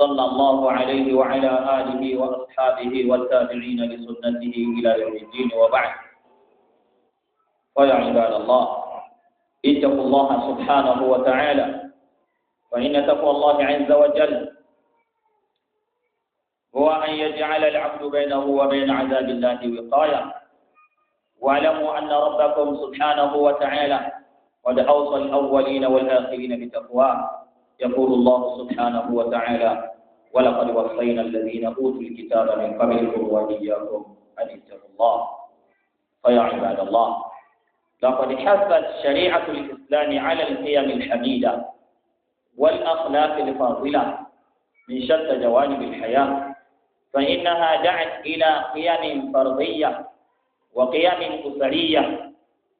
صلى الله عليه وعلى آله وأصحابه والتابعين لسنته إلى يوم الدين وبعد فيا عباد الله اتقوا الله سبحانه وتعالى فإن تقوى الله عز وجل هو أن يجعل العبد بينه وبين عذاب الله وقاية واعلموا أن ربكم سبحانه وتعالى قد أوصى الأولين والآخرين بتقواه يقول الله سبحانه وتعالى ولقد وصينا الذين أوتوا الكتاب من قبلكم وإياكم أن اتقوا الله فيا عباد الله لقد حثت شريعة الإسلام على القيم الحميدة والأخلاق الفاضلة من شتى جوانب الحياة فإنها دعت إلى قيم فردية وقيم أسرية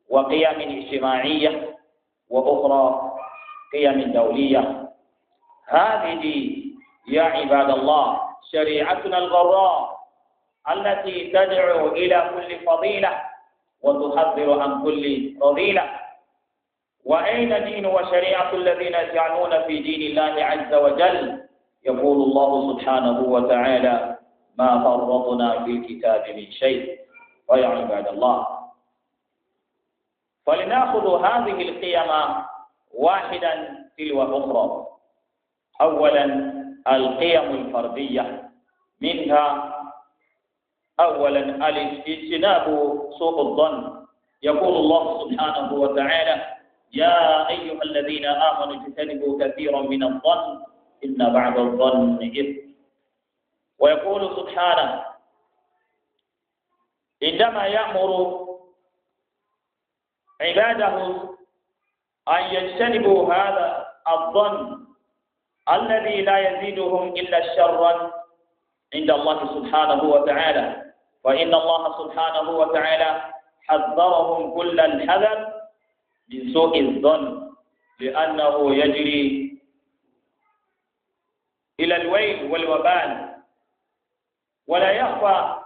وقيم اجتماعية وأخرى قيم دولية هذه يا عباد الله شريعتنا الغراء التي تدعو إلى كل فضيلة وتحذر عن كل فضيلة وأين دين وشريعة الذين يجعلون في دين الله عز وجل يقول الله سبحانه وتعالى ما فرطنا في الكتاب من شيء ويا عباد الله فلناخذ هذه القيم واحدا تلو أخرى أولا القيم الفردية منها أولا الاجتناب سوء الظن يقول الله سبحانه وتعالى يا أيها الذين آمنوا اجتنبوا كثيرا من الظن إن بعد الظن إثم ويقول سبحانه عندما يأمر عباده أن يجتنبوا هذا الظن الذي لا يزيدهم إلا الشر عند الله سبحانه وتعالى وإن الله سبحانه وتعالى حذرهم كل الحذر من سوء الظن لأنه يجري إلى الويل والوبال ولا يخفى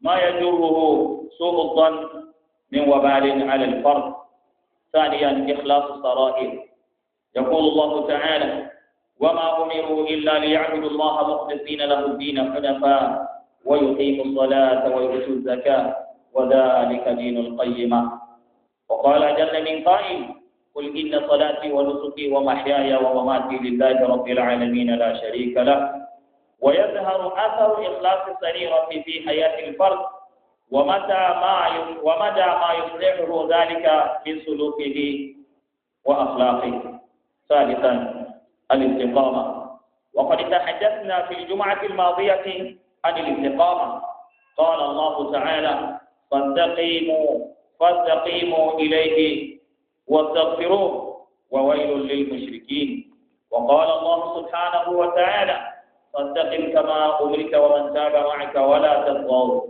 ما يجره سوء الظن من وبال على الفرد ثانيا إخلاص السرائر يقول الله تعالى وما أمروا إلا ليعبدوا الله مخلصين له الدين حنفاء ويقيموا الصلاة ويؤتوا الزكاة وذلك دين القيمة وقال جل من قائل قل إن صلاتي ونسكي ومحياي ومماتي لله رب العالمين لا شريك له ويظهر أثر إخلاص السريرة في حياة الفرد ومتى ما ومدى ما يصلحه ذلك من سلوكه وأخلاقه ثالثا الاستقامة وقد تحدثنا في الجمعة الماضية عن الاستقامة قال الله تعالى فاستقيموا فاستقيموا إليه واستغفروه وويل للمشركين وقال الله سبحانه وتعالى فاستقم كما أمرك ومن تاب معك ولا تطغوا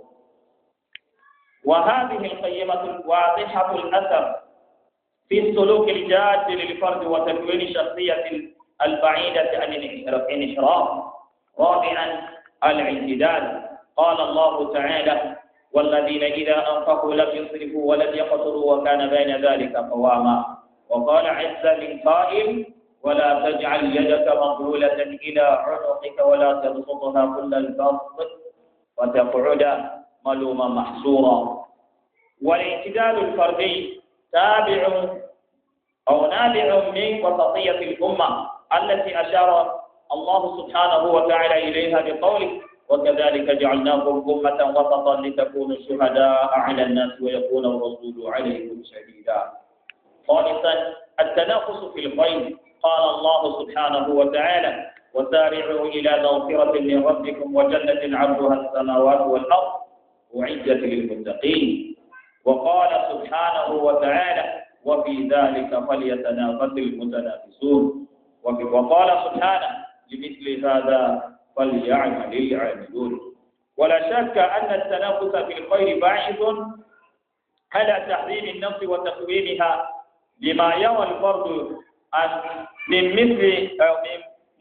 وهذه القيمة الواضحة الأثر في السلوك الجاد للفرد وتكوين شخصية البعيدة عن الانحراف رابعا الاعتدال قال الله تعالى والذين إذا أنفقوا لم يسرفوا ولم يقتروا وكان بين ذلك قواما وقال عز من قائل ولا تجعل يدك مقبولة إلى عنقك ولا تبسطها كل البسط وتقعد ملوما محسورا والاعتدال الفردي تابع أو نابع من وسطية الأمة التي أشار الله سبحانه وتعالى إليها بقوله وكذلك جعلناكم أمة وسطا لتكونوا شهداء على الناس ويكون الرسول عليكم شهيدا ثالثا التنافس في الخير قال الله سبحانه وتعالى وسارعوا إلى مغفرة من ربكم وجنة عرضها السماوات والأرض أعدت للمتقين وقال سبحانه وتعالى وفي ذلك فليتنافس المتنافسون وقال سبحانه لمثل هذا فليعمل العاملون ولا شك أن التنافس في الخير باعث على تحريم النفس وتقويمها لما يرى الفرد أن من مثل أو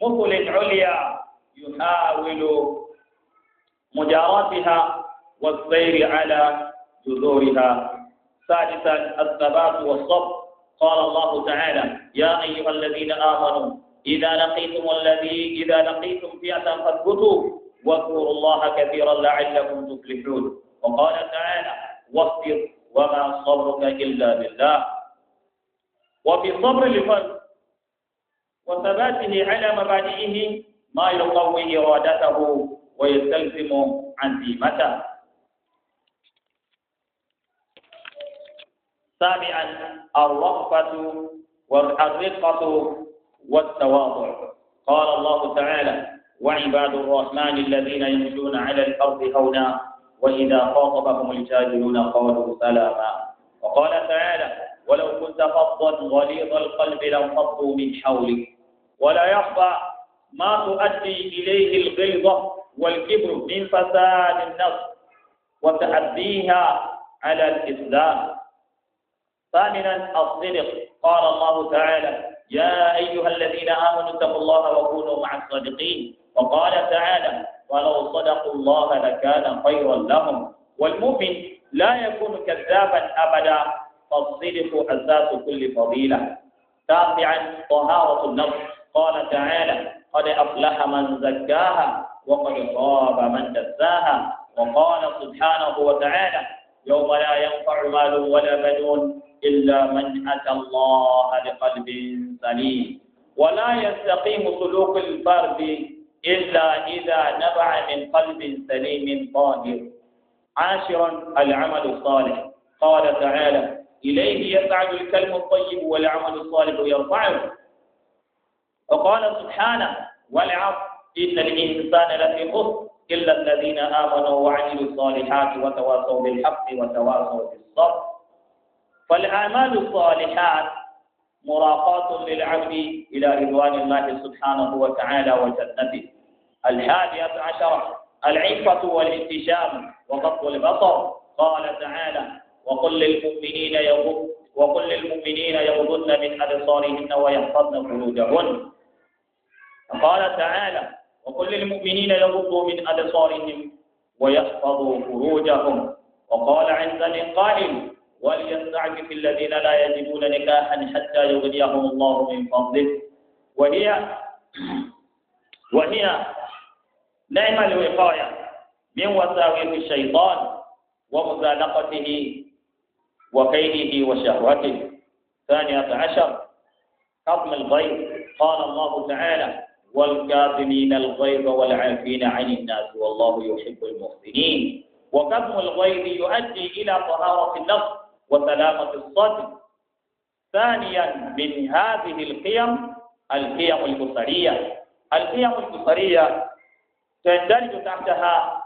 من مثل عليا يحاول مجاراتها والسير على جذورها ثالثا الثبات والصبر قال الله تعالى يا أيها الذين آمنوا إذا لقيتم الذي إذا لقيتم فئة فاثبتوا واذكروا الله كثيرا لعلكم تفلحون وقال تعالى واصبر وما صبرك إلا بالله وفي صبر الفرد وثباته على مبادئه ما يقوي إرادته ويستلزم عزيمته سابعا الرأفة والرقة والتواضع قال الله تعالى وعباد الرحمن الذين يمشون على الأرض هونا وإذا خاطبهم الجاهلون قالوا سلاما وقال تعالى ولو كنت فظا غليظ القلب لانفضوا من حولك ولا يخفى ما تؤدي إليه الغيظة والكبر من فساد النفس وتأديها على الإسلام ثامنا الصدق قال الله تعالى يا أيها الذين آمنوا اتقوا الله وكونوا مع الصادقين وقال تعالى ولو صدقوا الله لكان خيرا لهم والمؤمن لا يكون كذابا أبدا فالصدق أساس كل فضيلة تابعا طهارة النفس قال تعالى قد أفلح من زكاها وقد خاب من دساها وقال سبحانه وتعالى يوم لا ينفع مال ولا بنون إلا من أتى الله بقلب سليم ولا يستقيم سلوك الفرد إلا إذا نبع من قلب سليم طاهر عاشرا العمل الصالح قال تعالى إليه يسعد الكلم الطيب والعمل الصالح يرفعه وقال سبحانه والعصر إن الإنسان لفي خسر إلا الذين آمنوا وعملوا الصالحات وتواصوا بالحق وتواصوا بالصبر فالأعمال الصالحات مراقاة للعبد إلى رضوان الله سبحانه وتعالى وجنته الحادية عشرة العفة والانتشام وغض البصر قال تعالى وقل للمؤمنين يغض وقل للمؤمنين يغضن من أبصارهن ويحفظن فروجهن قال تعالى وقل للمؤمنين يغضوا من أبصارهم ويحفظوا فروجهم وقال عند القائل وليستعفف الذين لا يجدون نكاحا حتى يغنيهم الله من فضله وهي وهي نعم الوقاية من وساوس الشيطان ومزالقته وكيده وشهوته ثانية عشر حطم الغيظ قال الله تعالى والكاظمين الغيظ والعافين عن الناس والله يحب المحسنين وكظم الغيظ يؤدي إلى طهارة النفس وسلامة الصدر ثانيا من هذه القيم القيم البصرية القيم البصرية تندرج تحتها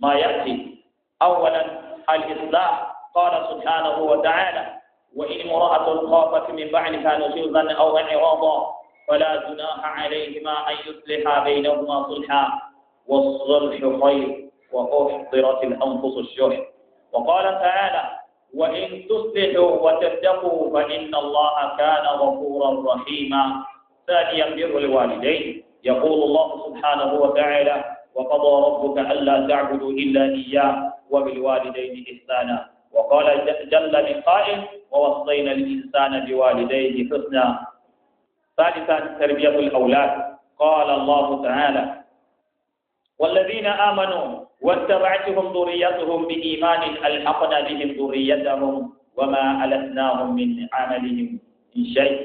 ما يأتي أولا الإصلاح قال سبحانه وتعالى وإن امرأة خافت من بعدها نشوزا أو انعراضا فلا جناح عليهما أن يصلحا بينهما صلحا والصلح خير وأحضرت الأنفس الشح وقال تعالى وإن تصلحوا وتتقوا فإن الله كان غفورا رحيما ثانيا بر الوالدين يقول الله سبحانه وتعالى وقضى ربك ألا تعبدوا إلا إياه وبالوالدين إحسانا وقال جل من قائل ووصينا الإنسان بوالديه حسنا ثالثا تربية الأولاد قال الله تعالى والذين آمنوا واتبعتهم ذريتهم بإيمان ألحقنا بهم ذريتهم وما ألتناهم من عملهم من شيء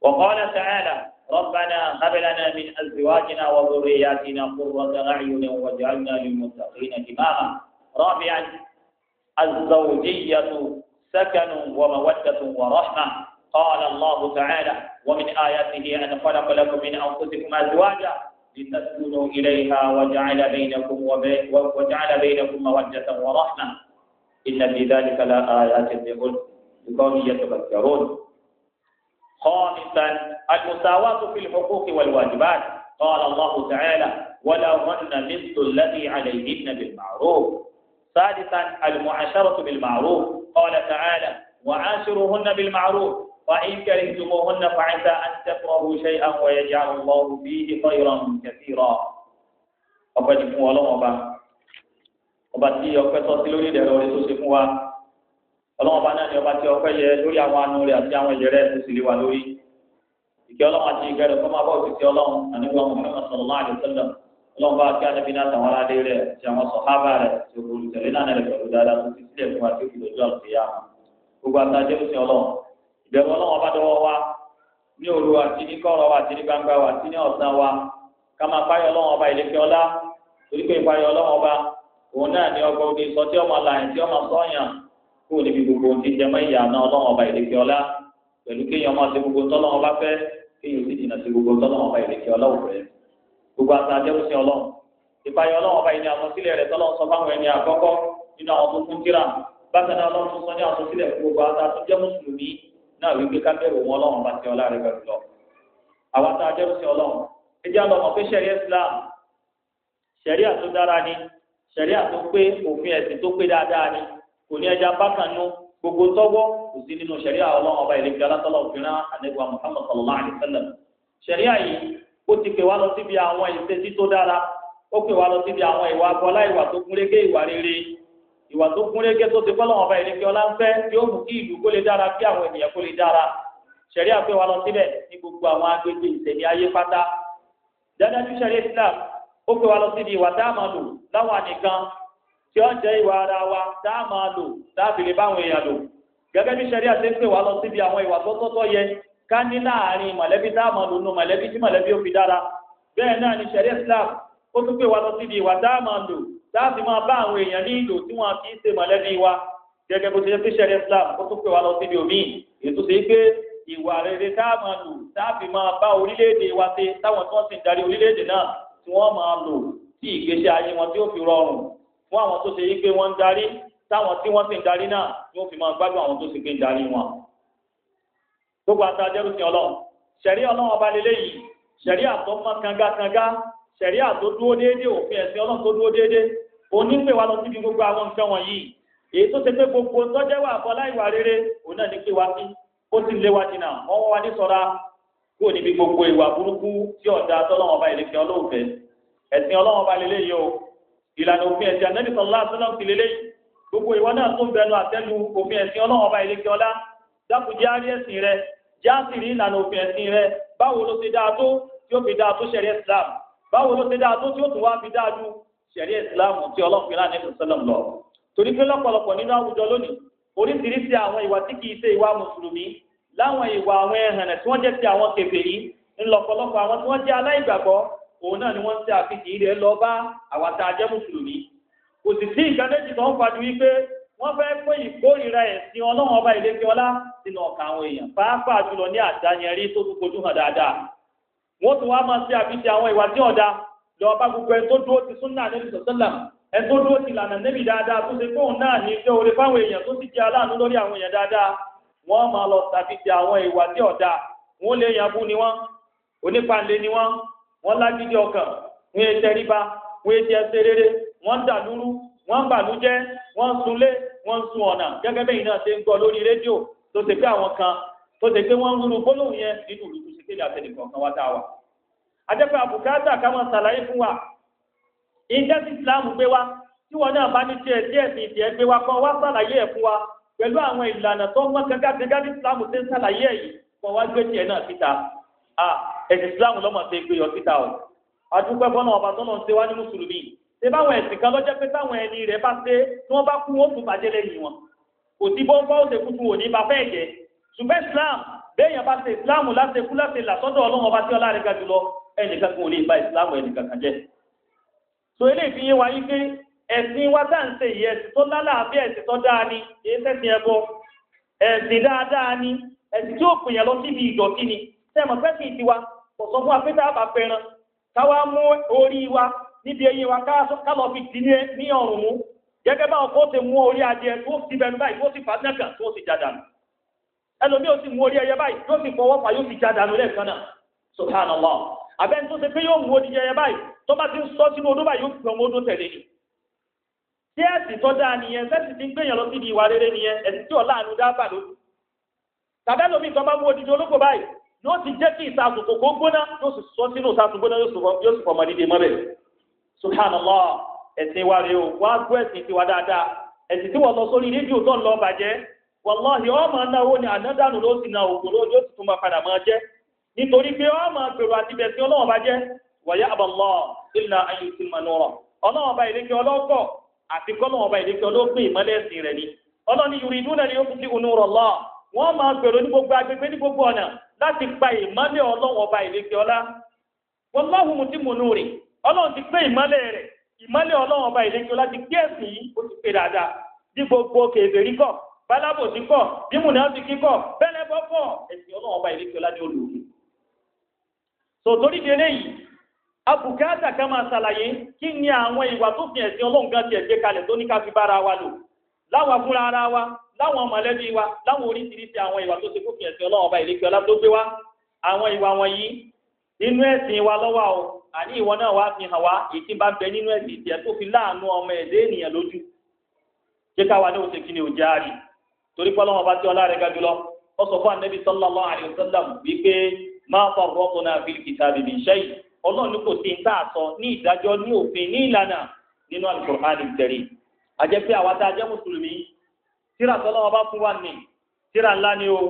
وقال تعالى ربنا هب لنا من أزواجنا وذرياتنا قرة أعين واجعلنا للمتقين إماما رابعا الزوجية سكن ومودة ورحمة قال الله تعالى ومن آياته أن خلق لكم من أنفسكم أزواجا لتسكنوا إليها وجعل بينكم وجعل بينكم مودة ورحمة إن في ذلك لآيات لقوم يتفكرون خامسا المساواة في الحقوق والواجبات قال الله تعالى ولا ولهن مثل الذي عليهن بالمعروف سادسا المعاشرة بالمعروف قال تعالى وعاشروهن بالمعروف وإن كرهتموهن فعسى أن تكرهوا شيئا ويجعل الله فيه خيرا كثيرا ọpẹ́ ti fún Ọlọ́run ọba ọba tí ọpẹ́ tọ́ sí lórí ìdẹ̀rẹ̀ orí tó ṣe fún wa Ọlọ́run ọba náà ni ọba tí ọpẹ́ yẹ lórí àwọn àánú rẹ̀ àti àwọn ìyẹrẹ tó sì lè wà lórí ìkẹ́ Ọlọ́run àti ìkẹ́ rẹ̀ fọmọ abọọsì ti Ọlọ́run àníwá Muhammad sallallahu alaihi wasallam Ọlọ́run bá kí anabi náà tàwọn aládé rẹ̀ àti àwọn sọhábà rẹ̀ tí olùtẹ̀lé náà rẹ̀ pẹ̀lú dáadáa tó ti sílẹ̀ fún wa tí ó fi lọ́jọ́ àlùfíà gbogbo àtàjẹ òsì Ọlọ́run ìbẹ̀rù ọlọ́wọ́n bá dọwọ́ wa ní òru àti ní kọ̀rọ̀ wa àti ní gbangba wa àti ní ọ̀sán wa ká máa páyọ̀ ọlọ́wọ́n ọba ìlẹ́kẹ́ ọlá torí pé ìpáyọ̀ ọlọ́wọ́n ọba òun náà ní ọgbà òde sọ tí ọmọ làyìn tí ọmọ sọ́yàn kó o níbi gbogbo ti jẹmọ́ ìyá náà ọlọ́wọ́n ọba ìlẹ́kẹ́ ọlá pẹ̀lú kéèyàn máa ṣe gbogbo tọ́lọ́wọ́n bá fẹ́ kéèyàn sì jìnnà sí gbogbo tọ́lọ́wọ́n ọba ìlẹ́kẹ́ ọlá òfẹ́ gbogbo àti àjẹmúsìn ọlọ́run ìpayọ̀ ọlọ́wọ́n ọba ìní àkọsílẹ̀ rẹ̀ tọ́lọ́wọ́n sọ fáwọn náà wípé kábẹ́rù wọn ọlọ́run bá ti ọlá rẹ̀ bẹ̀rù lọ. àwọn tá a jẹ́rú sí ọlọ́run ẹ jẹ́ àlọ́ mọ̀ pé sẹ̀rí islam sẹ̀rí àtó dára ni sẹ̀rí àtó pé òfin ẹ̀sìn tó pé dáadáa ni kò ní ẹja bákanú gbogbo tọ́gbọ́ kò sí nínú sẹ̀rí ọlọ́run ọba ìlẹ́gbẹ̀ẹ́ alátọ́lá òfin rán àdẹ́gbà Muhammad sallallahu alayhi wa sallam sẹ̀rí àyè ó ti pè wá lọ síbi àwọn ìṣesí tó dára ó pè wá lọ síbi ìwà tó gún régé tó ti pẹ́ lọ́wọ́ ọba ìrèké ọlá ń fẹ́ yóò mú kí ìlú kó lè dára bí àwọn ènìyàn kó lè dára ṣẹ̀rí àpé wa lọ síbẹ̀ ní gbogbo àwọn agbègbè ìṣẹ̀mí ayé pátá dáadáa ju ṣẹ̀rí Islam ó pè wa lọ síbi ìwà tá a máa lò láwọn nìkan tí ó jẹ́ ìwà ara wa tá a máa lò láti lè báwọn èèyàn lò gẹ́gẹ́ bí ṣẹ̀rí àti pè wa lọ síbi àwọn ìwà tọ́tọ́tọ́ yẹ ká ní láàárín mọ̀lẹ́bí tá a máa lò nù mọ̀lẹ́bí tí mọ̀lẹ́bí ó fi dára bẹ́ẹ̀ náà ni ṣẹ̀rí Islam ó tún pè wa lọ síbi ìwà tá a máa lò láti máa bá àwọn èèyàn ní ìlò tí wọn kì í ṣe mọ̀lẹ́bí wa gẹ́gẹ́ bó ti jẹ́ pẹ́ṣẹ́ Islam ó tún pè wá lọ síbi omi ètò ṣe pé ìwà rere tá a máa lò tá a fi máa bá orílẹ̀-èdè wa ṣe táwọn tí wọ́n sì ń darí orílẹ̀-èdè náà tí wọ́n máa lò tí ìgbésẹ̀ ayé wọn tí ó fi rọrùn fún àwọn tó ṣe yí pé wọ́n ń darí táwọn tí wọ́n sì ń darí náà ni wọ́n fi máa gbádùn àwọn tó sì gbé ń darí wọn. gbogbo àtàjẹ́rù sí ọlọ́run ṣẹ̀rí ọlọ́run ọba lélẹ́yìí ṣẹ̀rí àtọ́ kangakanga ṣẹ̀rí àtọ́ déédéé òfin ẹ̀sìn ọlọ́run tó dúró déédéé onípè wa lọ síbi gbogbo àwọn nǹkan wọ̀nyí èyí tó ṣe pé gbogbo tọ́jẹ́wà àbọ̀lá ìwà rere òun náà ní pé wá sí ó sì lé wa jìnnà wọ́n wá ní sọ́ra kúrò níbi gbogbo ìwà burúkú tí ọ̀dà tọ́lọ́wọ́n bá ìlẹ̀kẹ́ ọlọ́ọ̀fẹ́ ẹ̀sìn ọlọ́wọ́n bá lélẹ́ yìí o ìlànà òfin ẹ̀sìn Ànábì sallallahu alaihi wasallam ti lélẹ́ gbogbo ìwọ náà tó ń bẹnu àtẹ́lu òfin ẹ̀sìn ọlọ́wọ́n bá ìlẹ̀kẹ́ ọlá dákújá rí ẹ̀sìn rẹ jáàsì rí ìlànà òfin ẹ̀sìn rẹ báwo ló ti dáa tó tí ó fi dáa tó ṣẹ̀rí Islam báwo ló ti dáa tó tí ó tún wá fi dáa ju sẹ̀rí ìsìláàmù tí ọlọ́run fi láàánú ìsọ̀lọ́m lọ. torí pé lọ́pọ̀lọpọ̀ nínú àwùjọ lónìí oríṣiríṣi àwọn ìwà tí kìí ṣe ìwà mùsùlùmí láwọn ìwà àwọn ẹ̀hànnà tí wọ́n jẹ́ ti àwọn kèfèrí ńlọ́pọ̀lọpọ̀ àwọn tí wọ́n jẹ́ aláìgbàgbọ́ òun náà ni wọ́n ń ṣe àfihàn ilẹ̀ lọ bá àwọn tá a jẹ́ mùsùlùmí. kò sì sí nǹkan méjì tó ń fàájú wípé wọ́n fẹ́ pé ìkórìíra ẹ̀sìn ọlọ́run ọba ìlékè ọlá sínú ọkàn àwọn èèyàn pàápàá jùlọ ní àdáyẹrí tó tún kojú hàn dáadáa. wọ́n tún wá máa ṣe àfihàn àwọn ìwà tí ọ̀dà lọ bá gbogbo ẹni tó dúró ti súnà nẹ́bí sọ̀sọ́là ẹni tó dúró ti lànà nẹ́bí dáadáa tó ṣe fóun náà ní iṣẹ́ oore fáwọn èèyàn tó sì jẹ́ aláàánú lórí àwọn èèyàn dáadáa wọ́n máa lọ tàbíjà àwọn ìwà tí ọ̀dà wọ́n lè yan bú ni wọ́n onípàǹlé ni wọ́n wọ́n lágídí ọkàn wọ́n ètè ríba wọ́n ètè ẹsẹ̀ rere wọ́n dà lúrú wọ́n bàlújẹ́ wọ́n sunlé wọ́n sun ọ̀nà gẹ́gẹ́ bẹ́yìn náà ṣe ń gbọ́ lórí rédíò tó ṣe pé àwọn kan tó ṣe pé wọ́n ń rú gbólóhùn yẹn nínú ìlú tó ṣe kéde àtẹnìkọ̀ọ̀kan wá tá ajẹ́pẹ́ àbùkátà ká máa ṣàlàyé fún wa ìjẹ́ sí islam gbé wa tí wọn náà bá ní tiẹ̀ díẹ̀ sí ìdí ẹ̀ gbé wa kan wá ṣàlàyé ẹ̀ fún wa pẹ̀lú àwọn ìlànà tó mọ́ gángan ní islam ṣe ń ṣàlàyé ẹ̀ yìí wọn wá gbé tiẹ̀ náà síta ẹ̀sìn islam lọ́mọ ṣe gbé yọ síta o adúpẹ́ bọ́nà ọba tó náà ṣe wá ní mùsùlùmí ṣe báwọn ẹ̀sìn kan lọ́jọ́ pé táwọn ẹni rẹ̀ bá ṣe tí wọ́n bá kú ó tún bàjẹ́ lẹ́yìn wọn kò sí bọ́ńbá ó ṣe kú òní bá fẹ́ jẹ́ ṣùgbọ́n islam béèyàn bá ṣe islam láṣekú láṣe làsọ́dọ̀ ọlọ́run ọba tí ọlá rẹ̀ ga jùlọ ẹnìkan kan ò lè ba ìsìláàmù ẹnìkan kan jẹ́ so eléyìí fi yé wa pé ẹ̀sìn wa tá ń ṣe yìí ẹ̀sìn tó lálàáfíà ẹ̀sìn tó dáa ni èyí sẹ́sìn ẹbọ ẹ̀sìn dáadáa ni ẹ̀sìn tí ó pè yẹn lọ síbi ìdọ̀tí ni tiwa kò sọ fún wa pé tá a bá fẹ́ràn káwa mú orí wa níbi eyín wa ká lọ fi dì ní ọrùn mú gẹ́gẹ́ báwọn ti mú orí adìẹ tó ti mú orí ẹyẹ báyìí yóò fọwọ́ yóò lẹ́ẹ̀kan náà subhanallah abẹ́ni tó ṣe pé yóò mú odi yẹyẹ báyìí tó bá ti ń sọ sínú odó báyìí yóò fi ọmọ odó tẹ̀lé ni. tí ẹ̀sì tó dáa nìyẹn sẹ́sì ti ń gbèyàn lọ síbi ìwà rere nìyẹn ẹ̀sì tí ọ̀la àánú dá bà lójú. tàbẹ́ lómi tó bá mú odidi olóko báyìí yóò ti jẹ́ kí ìsàkùn kòkó gbóná yóò sì sọ sínú ìsàkùn gbóná yóò sì fọmọ dídé mọ́bẹ̀. subhanallah ẹ̀sìn wa rèé o wá gbọ́ ẹ̀sìn tiwa dáadáa ẹ̀sìn tí wọ́n lọ sórí rédíò tó ń lọ bàjẹ́ na òkú lójú ó nítorí pé ọ máa gbèrò ati bẹ̀sí ọlọ́wọ́n bá jẹ́ wàyà àbọ̀lọ́ ìlà ayé ti mọ̀ nùrọ̀ ọlọ́wọ́n bá ìlékè ọlọ́kọ̀ àti bá ìmọ́lẹ̀ ẹ̀sìn rẹ̀ ni ọlọ́ni yuriduna ni ó fi ti ònú ma wọ́n máa ní gbogbo agbègbè ní gbogbo ọ̀nà láti pa ìmọ́lẹ̀ ọlọ́wọ́n bá ìlékè ọlá nuri tòtórí di eléyìí abùkátà ká máa ṣàlàyé kí ni àwọn ìwà tó fi ẹ̀sìn ọlọ́run gan ti ẹ̀ gbé kalẹ̀ tó ní ká fi bára wa lò láwọn fúnra ara wa láwọn mọ̀lẹ́bí wa láwọn oríṣiríṣi àwọn ìwà tó ti kó fi ẹ̀sìn ọlọ́run ọba ìlẹ́kẹ́ ọlá tó gbé wa àwọn ìwà wọ̀nyí nínú ẹ̀sìn wa lọ́wọ́ o àní ìwọ náà wá fi hàn wá ìtì bá bẹ nínú ẹ̀sìn tiẹ̀ tó fi láàánú ọmọ ẹ̀dẹ́ ènìyàn lójú jẹ́ káwa ní oṣù kìíní òjá rí torí pé ọlọ́run ọba tí ọlá rẹ̀ ga jùlọ sọ fún anabi sallallahu alayhi wa sallam wípé máa fọ rọ́pò náà fi kìtàbí mi ṣe yìí ọlọ́run ní kò sí ní tààtọ̀ ní ìdájọ́ ní òfin ní ìlànà nínú alukur'an ìtẹ̀rí àwa tá a jẹ́ mùsùlùmí tíra tọ́lá wọn fún wa ní ńlá ni o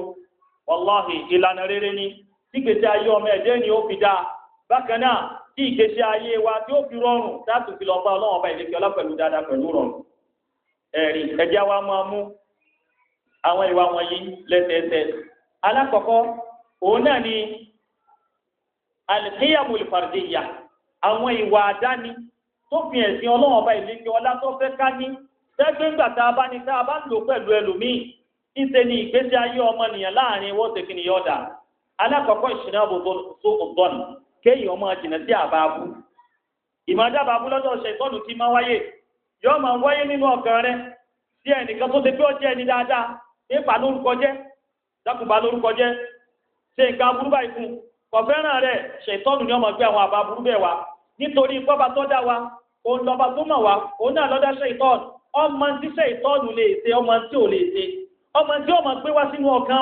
wàláhì ìlànà rere ni tí gbèsè ayé ọmọ ni ó fi dáa bákan náà tí ayé wa tí ó fi rọrùn láti fi lọ́ọ́ bá ọlọ́run ọba ìlẹ́kẹ́ ọlá pẹ̀lú dáadáa pẹ̀lú rọrùn ẹ̀rí wa máa mú àwọn ìwà òun náà ni alqiyamul fardiyya àwọn ìwà àdáni tó fi ẹ̀sìn ọba ìlẹ́kẹ̀ ọlá tó fẹ́ ká ní tá a bá ní tá a bá lò pẹ̀lú ẹlòmíì ìṣe ni ìgbésí ayé ọmọnìyàn láàrin wọ́n ni yọ̀ọ̀dà alákọ̀ọ́kọ́ ìṣúná tó ọ̀gbọ́n kéèyàn ọmọ jìnnà sí àbábú ìmọ̀dábàbú lọ́dọ̀ ṣe ìtọ́nù ti máa wáyé yóò máa wáyé nínú ọkàn rẹ sí ẹnìkan tó ti ẹni dáadáa nípa ṣe nǹkan aburú báyìí fún kò fẹ́ràn rẹ̀ ṣètọ́nù ni ọmọ gbé àwọn àbá aburú bẹ́ẹ̀ wa nítorí pọ́ba tó dá wa òun lọ́ba tó mọ̀ wa òun náà lọ́dá ṣètọ́nù ọmọ tí ṣètọ́nù lè ṣe ọmọ tí ò lè ṣe ọmọ tí ó wá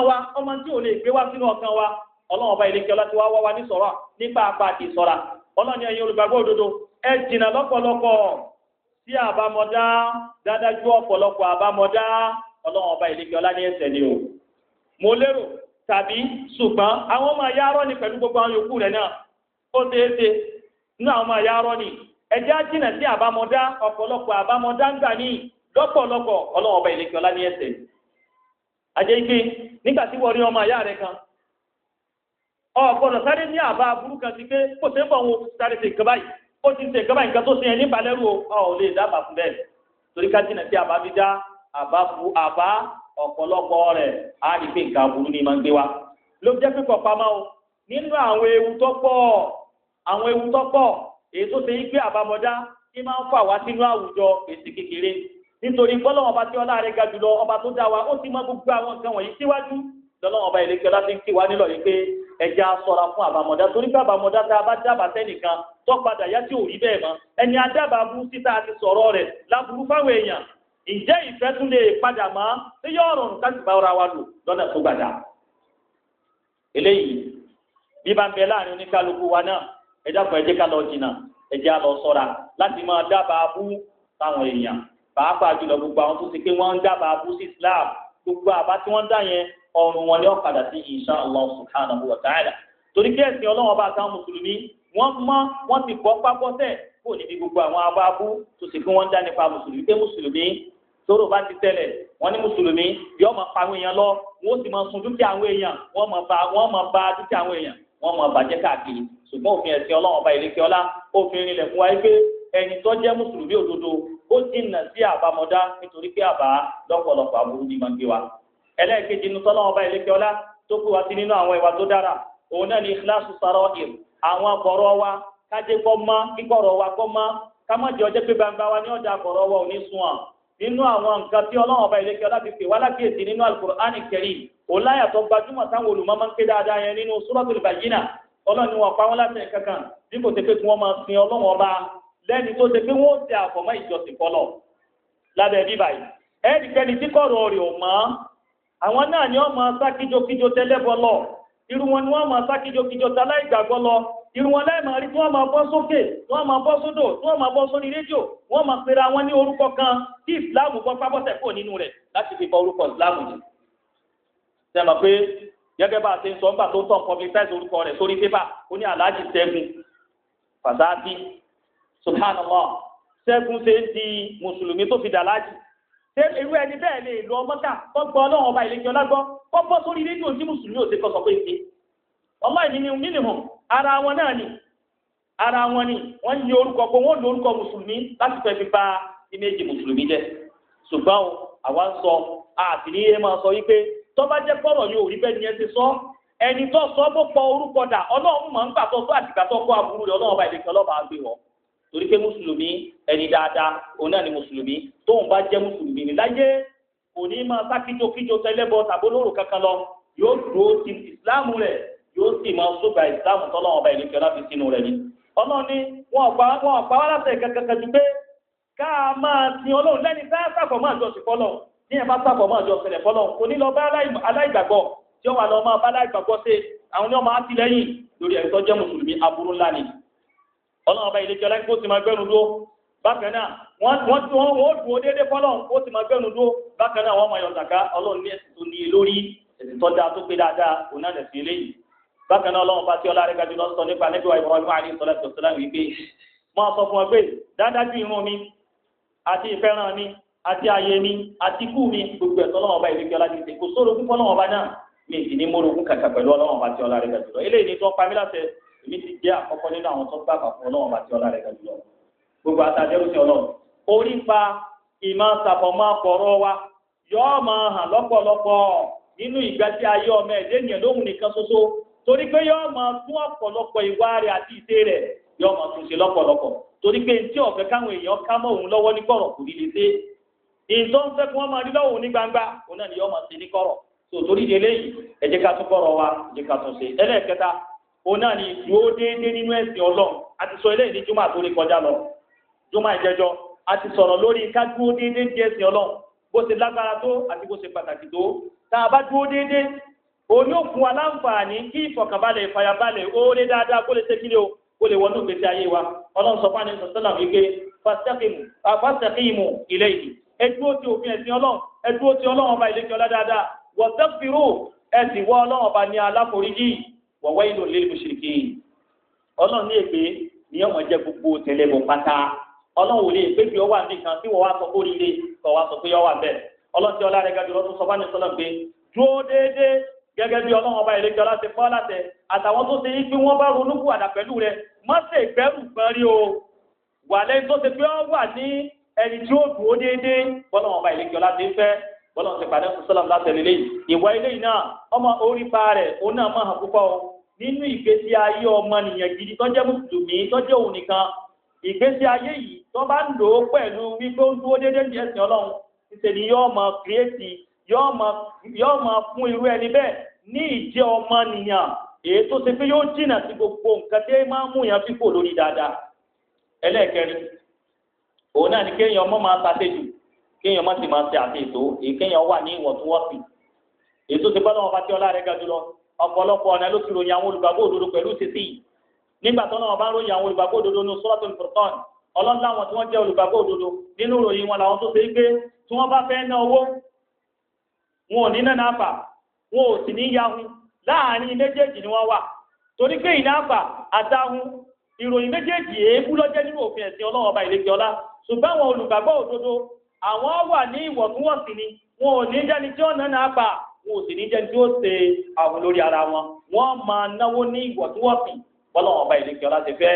wa ọmọ tí ò lè gbé wá sínú ọkàn wa ọlọ́run ọba wá wá ní sọ̀rọ̀ nípa apá ìsọ̀ra o mo tàbí ṣùgbọ́n àwọn ọmọ ẹ̀yà ni pẹ̀lú gbogbo àwọn yòókù rẹ̀ náà ó àwọn ọmọ ni sí àbámọ́dá ọ̀pọ̀lọpọ̀ àbámọ́dá ń gbà ní lọ́pọ̀lọpọ̀ ọlọ́wọ́n ní ẹsẹ̀ ike nígbà tí wọ́n rí ọmọ rẹ̀ kan ọ̀pọ̀lọ̀ sáré ní àbá burú kan ti pé kò sí bọ̀ wọn sáré ṣe ó ti ṣe nǹkan tó ní balẹ̀rù o ọ̀pọ̀lọpọ̀ rẹ̀ a rí pé nǹkan aburú ni máa ń gbé wa ló jẹ́ pé pamọ́ o nínú àwọn ewu tó pọ̀ àwọn ewu tó pọ̀ èyí tó ṣe yí pé àbámọ́dá tí máa ń fà wá sínú àwùjọ èsì kékeré nítorí bọ́lọ́wọ́n ọba tí ọlá ga jùlọ ọba tó dá wa ó ti mọ gbogbo àwọn nǹkan wọ̀nyí síwájú lọ́lọ́wọ́n ọba ìlẹ́kẹ́ ọlá ń kí wa nílọ̀ yìí pé fún torí pé bá dábàá sẹ́nìkan padà yá tí ò rí bẹ́ẹ̀ mọ́ ẹni adábàá bú síta àti sọ̀rọ̀ rẹ̀ láburú fáwọn ǹjẹ́ ìfẹ́ tún lè padà mọ́ tí yóò rọrùn ká sì bá ara wa lò lọ́nà tó gbàdá. eléyìí bí bá ń bẹ láàrin oníkálukú wa náà ẹ dákun ẹ jẹ́ ká lọ jìnnà ẹ á lọ ṣọ́ra láti máa dábàá bú táwọn èèyàn pàápàá jùlọ gbogbo àwọn tó ti pé wọ́n ń dábàá bú sí Islam gbogbo àbá tí wọ́n ń dá yẹn ọrùn wọn ni wọ́n padà sí insha Allah subhanahu wa ta'ala torí kí ẹ̀sìn ọlọ́wọ́n bá táwọn mùsùlùmí wọ́n mọ́ wọ́n ti kọ́ pápọ́tẹ̀ kó níbi gbogbo àwọn abábú tó sì pé wọ́n dá nípa mùsùlùmí pé mùsùlùmí tóró bá ti tẹ́lẹ̀ wọ́n ní mùsùlùmí yóò máa pa àwọn èèyàn lọ wọ́n sì máa sun dúkìá àwọn èèyàn wọ́n máa ba wọ́n máa ba dúkìá àwọn èèyàn wọ́n máa bàjẹ́ káàkiri ṣùgbọ́n òfin ẹ̀sìn ọlọ́run ọba ìlẹ́kẹ́ ọlá òfin ìrìnlẹ̀ fún wa pé ẹni tó jẹ́ mùsùlùmí òdodo ó jìnnà sí àbámọ̀dá nítorí pé àbá lọ́pọ̀lọpọ̀ aburú ni máa ń gbé wa ẹlẹ́ẹ̀kejì nínú tọ́lọ́run wa sí nínú àwọn ìwà tó dára ni ikhlas nínú àwọn nǹkan tí ọlọ́run ọba ìlẹ́kẹ́ láti pè wá lákèésí nínú alukur'ani karim ọláyà tó gbajúmọ̀ táwọn olùmọ́mọ́ ń ké dáadáa yẹn nínú suratul bayyina ọlọ́run ni wọ́n pa wọ́n láti ẹ̀ka kan bí kò máa sin ọlọ́run ọba lẹ́ni tó wọ́n ìjọsìn kọlọ̀ ìwọ̀n lẹ́ẹ̀mọ̀ rí tí wọ́n máa bọ́ sókè tí wọ́n máa bọ́ sódò tí wọ́n máa bọ́ sórí rédíò wọ́n máa pera wọn ní orúkọ kan tí ìsìláàmù bọ́ pábọ́sẹ̀ kúrò nínú rẹ̀ láti fi bọ orúkọ ìsìláàmù yìí. ṣe mọ̀ pé gẹ́gẹ́ bá a ṣe ń sọ nígbà tó tàn publicize orúkọ rẹ̀ sórí pépà ó ní aláàjì ṣẹ́gun fàdáàbí subhanallah ṣẹ́gun ṣe ń di mùsùlùmí tó fi dà láàjì ṣé irú ẹni bẹ́ẹ̀ lè lọ mọ́kà tó gbọ́ ọlọ́run ọba ìlẹ́jọ́ ọmọ ìní hàn ara wọn náà ni ara wọn ni wọ́n ní orúkọ pé wọ́n lo orúkọ mùsùlùmí láti fẹ́ fi bà ìmẹ̀jì mùsùlùmí jẹ́ ṣùgbọ́n àwa ń sọ àti ní ẹ máa sọ wípé tọ́ba jẹ́ pọ̀rọ̀ yóò rí bẹ́ẹ̀ ni ẹ ti sọ ẹni tó sọ bó pọ orúkọ dà ọlọ́run ń kọ́ ọlọ́run bá gbé torí pé mùsùlùmí ẹni dáadáa jẹ́ mùsùlùmí ní láyé kò ní máa sá kíjokíjo tẹlẹ́bọ yóò sì máa sóbà ìsìláàmù tọ́lọ́wọ́n ọba ìlú kẹlá fi sínú rẹ̀ ni. ọlọ́run ní wọn ọ̀pá wọn ọ̀pá wá láti ẹ̀ka kankan ju pé ká máa sin ọlọ́run lẹ́ni tá a sàfọ̀ máa jọ sí fọ́lọ̀ ní ẹ̀bá sàfọ̀ máa jọ sẹlẹ̀ fọ́lọ̀ kò ní lọ bá aláìgbàgbọ́ tí wọ́n lọ máa bá aláìgbàgbọ́ ṣe àwọn ni wọ́n máa ti lẹ́yìn lórí ẹ̀rí tó jẹ́ mùsùlùmí aburú ńlá ni. ọlọ́run ọba ìlú kẹlá kó sì máa bákan náà ọlọ́run bá tí ọlá rẹ̀ gàdú lọ sọ nípa níbi wa ìwọ̀n ọdún àdìsọ́lá tòṣìlá wípé máa sọ fún ọ pé dáadáa bí irun mi àti ìfẹ́ràn mi àti ààyè mi àti ikú mi gbogbo ẹ̀tọ́ ọlọ́run ọba ìrìkì ọlá ti kò sóró fún ọlọ́run ọba náà mi sì ní mórogún kàkà pẹ̀lú ọlọ́run ọba ọlá rẹ̀ gàdú lọ eléyìí ni tó pa mí láṣẹ èmi ti jẹ́ àkọ́kọ́ nínú àwọn tó gbàgbà pa ìmọ̀ ṣàfọ̀mọ́ pọ̀rọ̀ wa yọ́ọ́ máa hàn lọ́pọ̀lọpọ̀ nínú ìgbà torí pé yóò máa tún ọ̀pọ̀lọpọ̀ ìwà rẹ̀ àti ìṣe rẹ̀ yóò máa tún ṣe lọ́pọ̀lọpọ̀ torí pé ntí ọ̀fẹ́ káwọn èèyàn ká mọ́ òun lọ́wọ́ ní kọ̀rọ̀ kò ní lè ṣe ìtọ́ ń fẹ́ kí wọ́n máa rí lọ́wọ́ ní gbangba òun náà ni yóò máa ṣe ní kọ̀rọ̀ tó torí di eléyìí ẹ jẹ́ ká tún kọ̀rọ̀ wa ẹ ká tún ṣe ẹlẹ́ẹ̀kẹta òun náà ni dúró déédéé nínú ẹ̀sìn ọlọ́run a ti sọ eléyìí ní jùmọ̀ àtòrí kọjá lọ jùmọ̀ ìjẹjọ a ti sọ̀rọ̀ lórí ká dúró déédéé di ẹ̀sìn ọlọ́run bó ṣe lágbára tó àti bó ṣe pàtàkì tó tá a bá dúró déédéé òun yóò fún wa láǹfààní kí ìfọ̀kànbalẹ̀ ìfàyàbalẹ̀ oore dáadáa kó lè o kó lè wọnú gbèsè ayé wa ọlọ́run sọ fáwọn ẹ̀sán sọ́nà wípé fàṣẹ́kìmù ilé ẹdúró ti òfin ẹ̀sìn ọlọ́run ẹdúró ti ọba ìlẹ́kẹ́ ọlá dáadáa ọba ní aláforíjì ìlú ṣèké ní èpè ní ọmọ jẹ gbogbo pátá ò lè pé bí ọwà tí wá sọ wá ti ọlá gàdúrà tó sọ gẹ́gẹ́ bí ọlọ́run ọba ìrèké ọlá ti pọ́ látẹ̀ àtàwọn tó ṣe yí pé wọ́n bá ronú kùwàdà pẹ̀lú rẹ̀ mọ́ ṣe ìgbẹ́rù gbọ́n rí o wà lẹ́yìn tó ṣe pé wà ní ẹni tí ó dùn ó déédéé bọ́lọ́run ọba ìrèké fẹ́ ti pàdé láti ìwà ilé yìí náà ọmọ orí pa rẹ̀ náà máa hàn púpọ̀ nínú ìgbésí ayé ọmọ nìyẹn gidi tó jẹ́ yóò máa fún irú ẹni bẹ́ẹ̀ ní ìjẹ́ ọmọ nìyàn èyí tó ṣe pé yóò jìnnà sí gbogbo nǹkan tí máa ń mú yàn fífò lórí dáadáa ẹlẹ́ẹ̀kẹrin òun náà ni kéèyàn ọmọ máa ṣàtẹ́jù kéèyàn ọmọ sì máa ṣe àtẹ̀tò èyí kéèyàn wà ní ìwọ̀ntúnwọ̀nsì èyí tó ṣe bọ́lá wọn bá tí ọlá rẹ̀ ga jùlọ ọ̀pọ̀lọpọ̀ ọ̀nà ló ti ròyìn àwọn olùgbàgbọ́ òdodo pẹ̀lú títí nígbà tó náà bá ròyìn àwọn olùgbàgbọ́ òdodo ní Suratul Furqan ọlọ́ńlá wọn tí wọ́n jẹ́ olùgbàgbọ́ òdodo nínú ròyìn wọn làwọn tó ṣe é gbé tí wọ́n bá fẹ́ ná owó wọn ò ní nánáfà wọn ò sì ní yahun láàrin méjèèjì ni wọ́n wà torí pé ìnáfà àtàhun ìròyìn méjèèjì èébú lọ́jẹ́ nínú òfin ẹ̀sìn ọba ìlẹ́kẹ̀ ọlá ṣùgbọ́n àwọn olùgbàgbọ́ ní ni wọn ò ní jẹ́ni tí ó nánáfà wọn ò sì ara wọn wọ́n máa náwó ní ọba ìlẹ́kẹ̀ ọlá ti fẹ́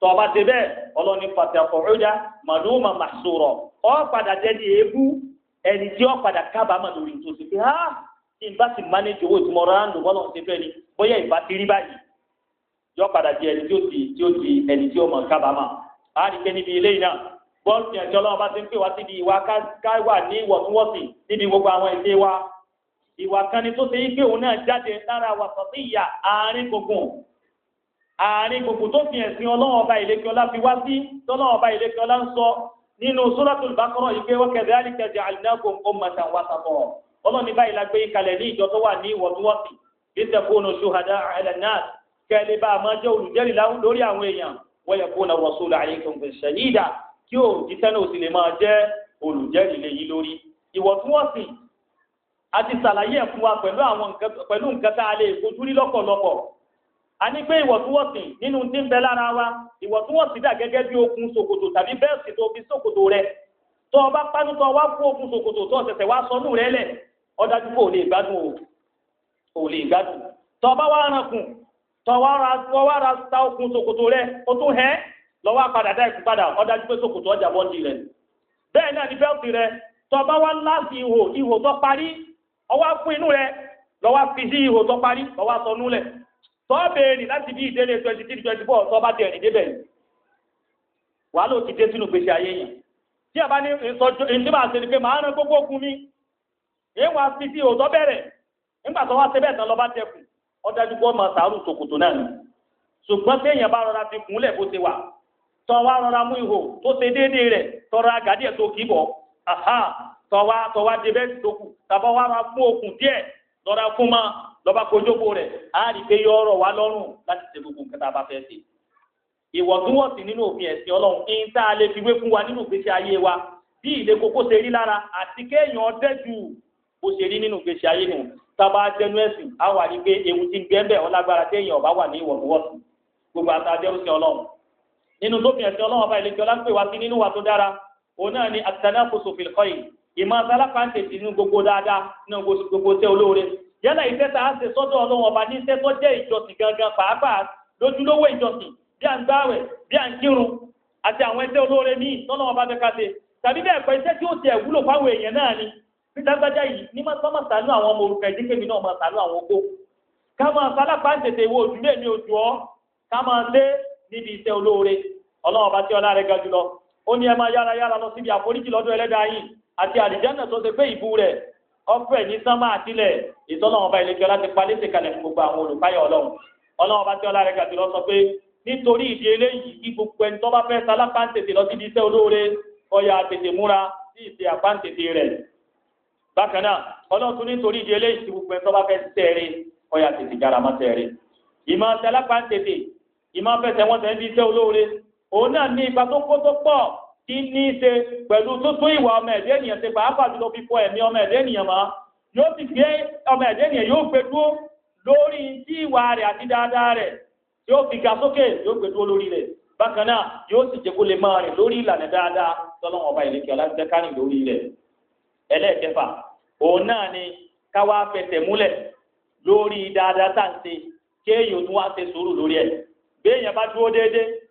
tọba ti bẹ́ẹ̀ ọlọ́ni pàtàkùrúdà màdùmá màṣúrọ̀ ọ padà jẹ́ ní èébú ẹni tí ó kábàámà lórí tó ti fi ha tí n bá ti mánéjì owó ìtumọ̀ rárá nù bọ́lọ̀ ti fẹ́ ni bóyá ìbá ti rí báyìí yọ padà jẹ́ ẹni tí ó di tí ó di ẹni tí ó mọ̀ kábàámà á rí pé níbi ilé náà bọ́ọ̀lù ti ẹ̀jọ́ lọ́wọ́ bá ti ń pè wá síbi ìwà káwà ní ìwọ̀ntúnwọ̀nsì níbi gbogbo àwọn ìdè wa ìwà kan ni tó ṣe yí pé òun náà jáde lára wàsàn sí ìyà àárín gbùngbùn àárín gbogbo tó fi ẹ̀sìn ọlọ́wọ́n ọba ìlẹ́kẹ́ọ́lá fi wá sí tọ́lọ́wọ́n ọba ìlẹ́kẹ́ọ́lá ń sọ nínú suratul Baqara ìgbé wọ́kẹ̀dẹ́ àlìkẹ́dẹ́ ja'alnakum ummatan wasatan ọlọ́ni báyìí la gbé kalẹ̀ ní ìjọ tó wà ní ìwọ̀ntúnwọ̀nsì litakunu shuhada'a 'ala an kẹ́lẹ́ bá a máa jẹ́ olùjẹ́rìí lórí àwọn èèyàn wa yakuna a ní pé ìwọ̀túnwọ̀sì nínú tí ń bẹ lára wa ìwọ̀túnwọ̀sì dà gẹ́gẹ́ bí okun sokoto tàbí bẹ́ẹ̀sì tó fi sokoto rẹ tó o pánútọ wá fún okun sokoto tó ọ̀sẹ̀sẹ̀ wá rẹ lẹ̀ ọ̀dájú kò lè gbádùn o lè gbádùn tó o wá rankùn tó o ra ta okun sokoto rẹ o tún hẹ́ lọ́wọ́ apadà dá ìkú padà pé ọjà rẹ bẹ́ẹ̀ náà ni rẹ tó ọba wá láti ihò ihò tó parí ọwá rẹ fi sí ihò tó parí tọ́ béèrè láti bí ìdílé twenty three twenty four tọ́ bá tẹ̀ ní débẹ̀ yìí ló ti dé sínú gbèsè ayé yìí tí a bá ní ìsọjú ìdí máa ṣe ni rán gbogbo ogun mi èyí wàá sí òótọ́ bẹ̀rẹ̀ wá tán sàárù náà ni ṣùgbọ́n téèyàn bá rọra fi kúnlẹ̀ bó ti wà tọ́ wá rọra mú ihò tó lọ́ra fún ma lọ́ba kojókòó rẹ̀ á rí i pé yọ ọ̀rọ̀ wá lọ́rùn láti ṣe gbogbo nǹkan tá a bá fẹ́ ṣe ìwọ̀ntúnwọ̀nsì nínú òfin ẹ̀sìn ọlọ́run kí n tá a lè fi wé fún wa nínú ìgbésí ayé wa bí ilé kókó ṣe rí lára àti kéèyàn dẹ́jú bó ṣe rí nínú ìgbésí ayé nù tábà jẹnu ẹ̀sìn á wà ní pé ewu ti ń gbẹ́ńbẹ̀ ọ́ lágbára téèyàn ọ̀bá wà ní ìwọ̀ntúnwọ̀nsì gbogbo ìmọ̀ sálápá ń tètè inú gbogbo dáadáa náà gbogbo tẹ́ olóore yálà iṣẹ́ tá a ṣe sọ́dọ̀ ọlọ́run ọba ní iṣẹ́ tó jẹ́ ìjọsìn gangan pàápàá lójúlówó ìjọsìn bí à ń gbáwẹ̀ bí à ń kírun àti àwọn iṣẹ́ olóore míì tọ́lọ́run ọba fẹ́ ká ṣe tàbí bẹ́ẹ̀ pẹ́ iṣẹ́ tí ó ti ẹ̀ wúlò fáwọn èèyàn náà ni nígbàgbájá yìí ní máa sọ́mọ̀ sànú àwọn ọmọ òrùka ó ní ẹ máa yára yára lọ síbi àforíjì lọ́dọ̀ ẹlẹ́dàá yìí àti àlìjánà tó ṣe pé ìbú rẹ̀ ọ̀fẹ́ ní sánmà àtìlẹ̀ ìtọ́lọ́wọ́n bá ilé kí ọlá ti palẹ́ ṣe kalẹ̀ fún gbogbo àwọn olùkáyọ̀ ọlọ́run ọlọ́wọ́n bá tí ọlá rẹ̀ gàdúrà sọ pé nítorí ìdí eléyìí kí gbogbo ẹni tó bá fẹ́ sálápá ń tètè lọ síbi iṣẹ́ olóore ọyà tètè múra sí ìṣe àpá ń tètè rẹ̀ bákan náà ọlọ́run tún nítorí ìdí eléyìí kí gbogbo ẹni tó bá fẹ́ tẹ̀rẹ̀ ọyà tètè jára má tẹ̀rẹ̀ ìmọ̀ sálápá ń tètè ìmọ̀ fẹsẹ̀ wọn tẹ̀ ń bí iṣẹ́ olóore òun náà ní ipa tó kó tó pọ̀ tí ní í ṣe pẹ̀lú tuntun ìwà ọmọ ẹ̀dẹ́ ènìyàn ṣe pàápàá jùlọ fi fọ ẹ̀mí ọmọ ẹ̀dẹ́ ènìyàn mọ́ yóò sì gbé ọmọ ẹ̀dẹ́ ènìyàn yóò gbé dúró lórí tí ìwà rẹ̀ àti dáadáa rẹ̀ yóò fi ga sókè yóò gbé dúró lórí rẹ̀ bákan náà yóò sì jẹ́ kó lè máa ni fẹsẹ̀ múlẹ̀ lórí dáadáa kéèyàn tún wá ṣe sùúrù lórí ẹ̀ bá dúró déédéé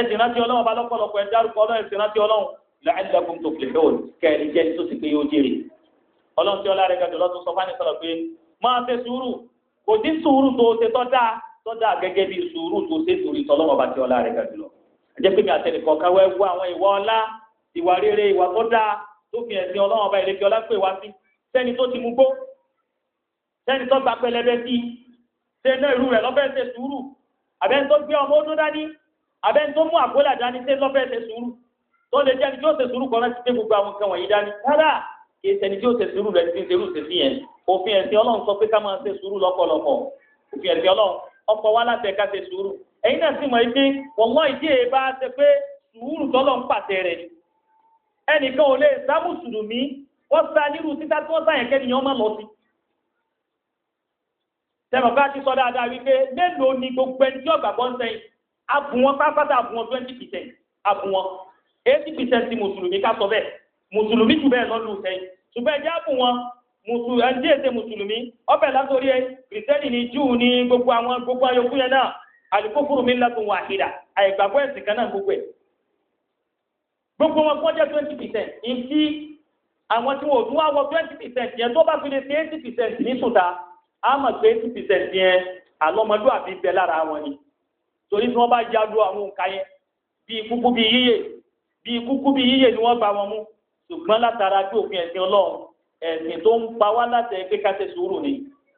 ẹsìn rántí ọlọ́run bá lọ́pọ̀lọpọ̀ ẹ dárúkọ ọlọ́run ẹsìn rántí ọlọ́run la'allakum tuflihun kẹrin jẹ́ tó sì pé yóò jèrè ọlọ́run tí ọlá rẹ̀ gàdùn lọ́tún sọ fáni sọ̀rọ̀ pé máa ṣe sùúrù kò dín sùúrù tó ṣe tọ́ dáa tọ́ dáa gẹ́gẹ́ bí sùúrù tó ṣe torí tọ́lọ́run bá tí ọlá rẹ̀ gàdùn lọ. ẹ jẹ́ pé mi àtẹnì kọ̀ọ̀kan wẹ́ wú àwọn ìwà ọlá ìwà rere ìwà tó dáa tó fi ẹ̀sìn ọlọ́run bá ìrèké ọlá pè wá sí sẹ́ni tó ti mú gbó sẹ́ni tó gba pẹlẹbẹ sí i náà irú rẹ̀ lọ́fẹ́ ṣe sùúrù àbẹ́ni tó gbé ọmọ ọdún dání abẹ́ni tó mú àpólà dání ṣé lọ́fẹ́ ṣe sùúrù tó lè jẹ́ni tí ó ṣe sùúrù kan láti pé gbogbo àwọn nǹkan wọ̀nyí dání rárá kì í ṣẹni tí ó ṣe sùúrù rẹ̀ ti ń ṣerú ṣe sí yẹn òfin ẹ̀sìn ọlọ́run sọ pé ká máa ṣe sùúrù lọ́pọ̀lọpọ̀ òfin ẹ̀sìn ọlọ́run ọkọ̀ wa láti ẹ̀ka ṣe sùúrù ẹ̀yin náà sì mọ̀ pé wọ́n wọ́n ìdí èyí bá ṣe pé sùúrù tọ́lọ̀ ń pàṣẹ rẹ̀ ni ẹnìkan ò lè sá mùsùlùmí wọ́n sa nírú títà tí wọ́n sá yẹn kẹ́niyàn máa lọ sí. tẹ̀mọ̀ká ti sọ dáadáa wípé mélòó ni gbogbo ẹni tí ọ̀gbàgbọ́ ń sẹ́yìn abùn wọn pátápátá abùn wọn twenty percent abùn wọn eighty percent ti mùsùlùmí ká sọ bẹ́ẹ̀ mùsùlùmí jù bẹ́ẹ̀ lọ́lù sẹ́yìn ṣùgbọ́n ẹ̀jẹ̀ abùn wọn mùsùlùmí ẹ̀jẹ̀ èsè mùsùlùmí ọbẹ̀ látòrí kìrìsẹ́nì ni júù ni gbogbo àwọn gbogbo ayọ̀kú yẹn náà àlùkòkòrò mi ńlá tó wà àkìdà àìgbàgbọ́ ẹ̀sìn kan náà gbogbo ẹ̀ gbogbo wọn kọjá twenty percent ìtì àwọn tí wọn ò tún wá wọ twenty percent yẹn tó bá fi lè ṣe eighty percent ní sùtà á mọ̀ pé eighty yẹn àlọ́mọdún àbí bẹ lára wọn ni torí tí wọ́n bá jádu àwọn òǹkà yẹn bíi kúkú bíi yíyè bíi kúkú bíi yíyè ni wọ́n gbà wọn mú ṣùgbọ́n látara pé òfin ẹ̀sìn ọlọ́run ẹ̀sìn tó ń pa wá láti ẹgbẹ́ ká ṣe sùúrù ni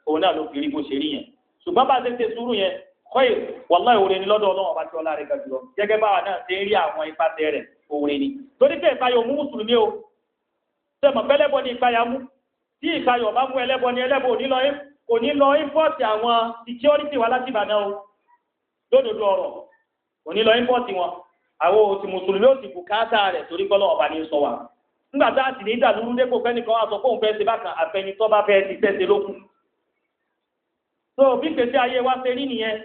òun náà ló fi rí bó ṣe rí yẹn ṣùgbọ́n bá ṣe ṣe sùúrù yẹn kọ́yè wàláhì òre ni lọ́dọ̀ ọlọ́run ọba tí ọlá rẹ̀ ga jùlọ gẹ́gẹ́ báwa náà ṣe ń rí àwọn ipa tẹ rẹ̀ òre ni torí pé ìpayọ̀ mú mùsùlùmí o sẹ́mọ̀ pẹ́lẹ́bọ ni ìpayà mú tí ìpayọ̀ bá mú ẹlẹ́bọ ni ẹlẹ́bọ lódodo ọ̀rọ̀ òní lọ ímpọ́ọ̀tì wọn àwọn òsì mùsùlùmí òsì bùkátà rẹ̀ torí pọ́lọ́ ọ̀bà ní sọ wa nígbà tá a sì ní ìdàlúrú dépò fẹ́nìkan wà sọ pé òun fẹ́ ṣe bákan àfẹnitọ́ bá fẹ́ ti tẹ́sẹ̀ lókun tó bí gbèsè ayé wa ṣe rí nìyẹn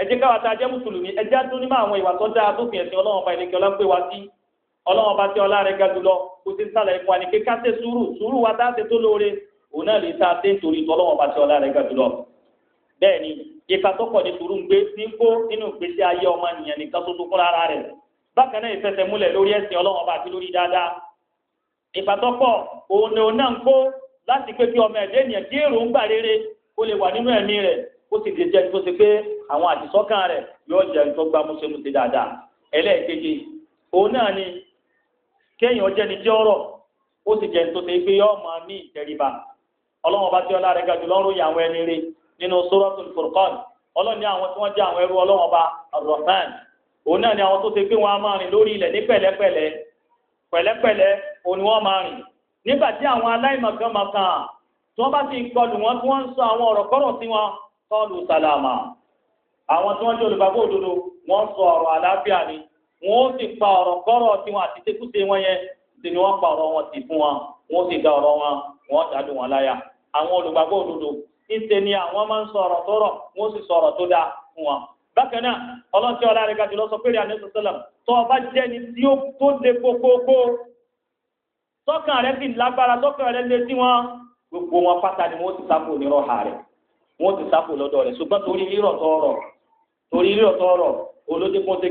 ẹ jẹ́ káwa tá a jẹ́ mùsùlùmí ẹ jẹ́ á dún nímọ̀ àwọn ìwà tó dáa tó fi ẹ̀sìn ọlọ́run ọba ìlẹ̀kẹ́ ọlá ń pè wá sí ọlọ́run ọba tí ọlá rẹ̀ ga jùlọ kó ti ń sàlẹ̀ ipò àní kíká ṣe sùúrù sùúrù wa tá a ṣe tó lóore òun náà lè ta ṣe nítorí tọ́lọ́run ọba tí ọlá rẹ̀ ga jùlọ bẹ́ẹ̀ ni ipa tó pọ̀ ní si ń ń kó nínú ìgbésí ayé ọmọ nìyẹn nìkan tó dúkú rárá rẹ̀ bákan náà ìfẹsẹ̀ múlẹ̀ lórí ẹ̀sìn ọlọ́run ọba àti lórí dáadáa ipa tó pọ̀ òun ni náà kó láti pé rere kó lè wà nínú ẹ̀mí rẹ̀ kó sì lè jẹ́ tó ṣe pé àwọn àtisọ́kàn rẹ̀ yóò jẹ́ tó ṣe nínú suratul furqan ọlọ́ni àwọn tí wọ́n jẹ́ àwọn ẹrú ọlọ́wọ́n ọba arrahman òun náà ni àwọn tó ṣe pé wọ́n á máa rìn lórí ilẹ̀ ní pẹ̀lẹ́pẹ̀lẹ́ pẹ̀lẹ́pẹ̀lẹ́ òun ni wọ́n máa rìn nígbà tí àwọn aláìmọ̀kan mọ̀kan tí wọ́n bá ti kọlù wọn tí wọ́n ń sọ àwọn ọ̀rọ̀ kọ́rọ̀ sí wọn tọ́lù sàlámà àwọn tí wọ́n jẹ́ olùgbàgbọ́ òdodo wọ́n sọ ọ̀rọ̀ àlàáfíà ni wọ́n ó sì pa ọ̀rọ̀ kọ́rọ̀ tí wọn àti tẹ́kùtẹ́ wọn yẹn sì ni wọ́n pa ọ̀rọ̀ wọn tì fún wọn wọ́n sì da ọ̀rọ̀ wọn wọ́n dàdú wọn láyà àwọn olùgbàgbọ́ òdodo níṣẹ́ ni àwọn máa ń sọ̀rọ̀ tó rọ̀ wọ́n sì sọ̀rọ̀ tó dáa fún wọn. bákan náà ọlọ́tí ọ̀la rẹ̀ gàdúrà sọ pé rí àná sọ́sọ́lá tó ọba jẹ́ ni tí ó tó le kókókó tọ́kàn rẹ̀ sì lágbára tọ́kàn rẹ̀ lé sí wọn gbogbo wọn pátá ni wọ́n ti sáfò ní rọ́ha rẹ̀ wọ́n ti sáfò lọ́dọ̀ rẹ̀ ṣùgbọ́n torí rírọ̀ tọ́rọ̀ torí rírọ̀ tọ́rọ̀ olóde kún ṣe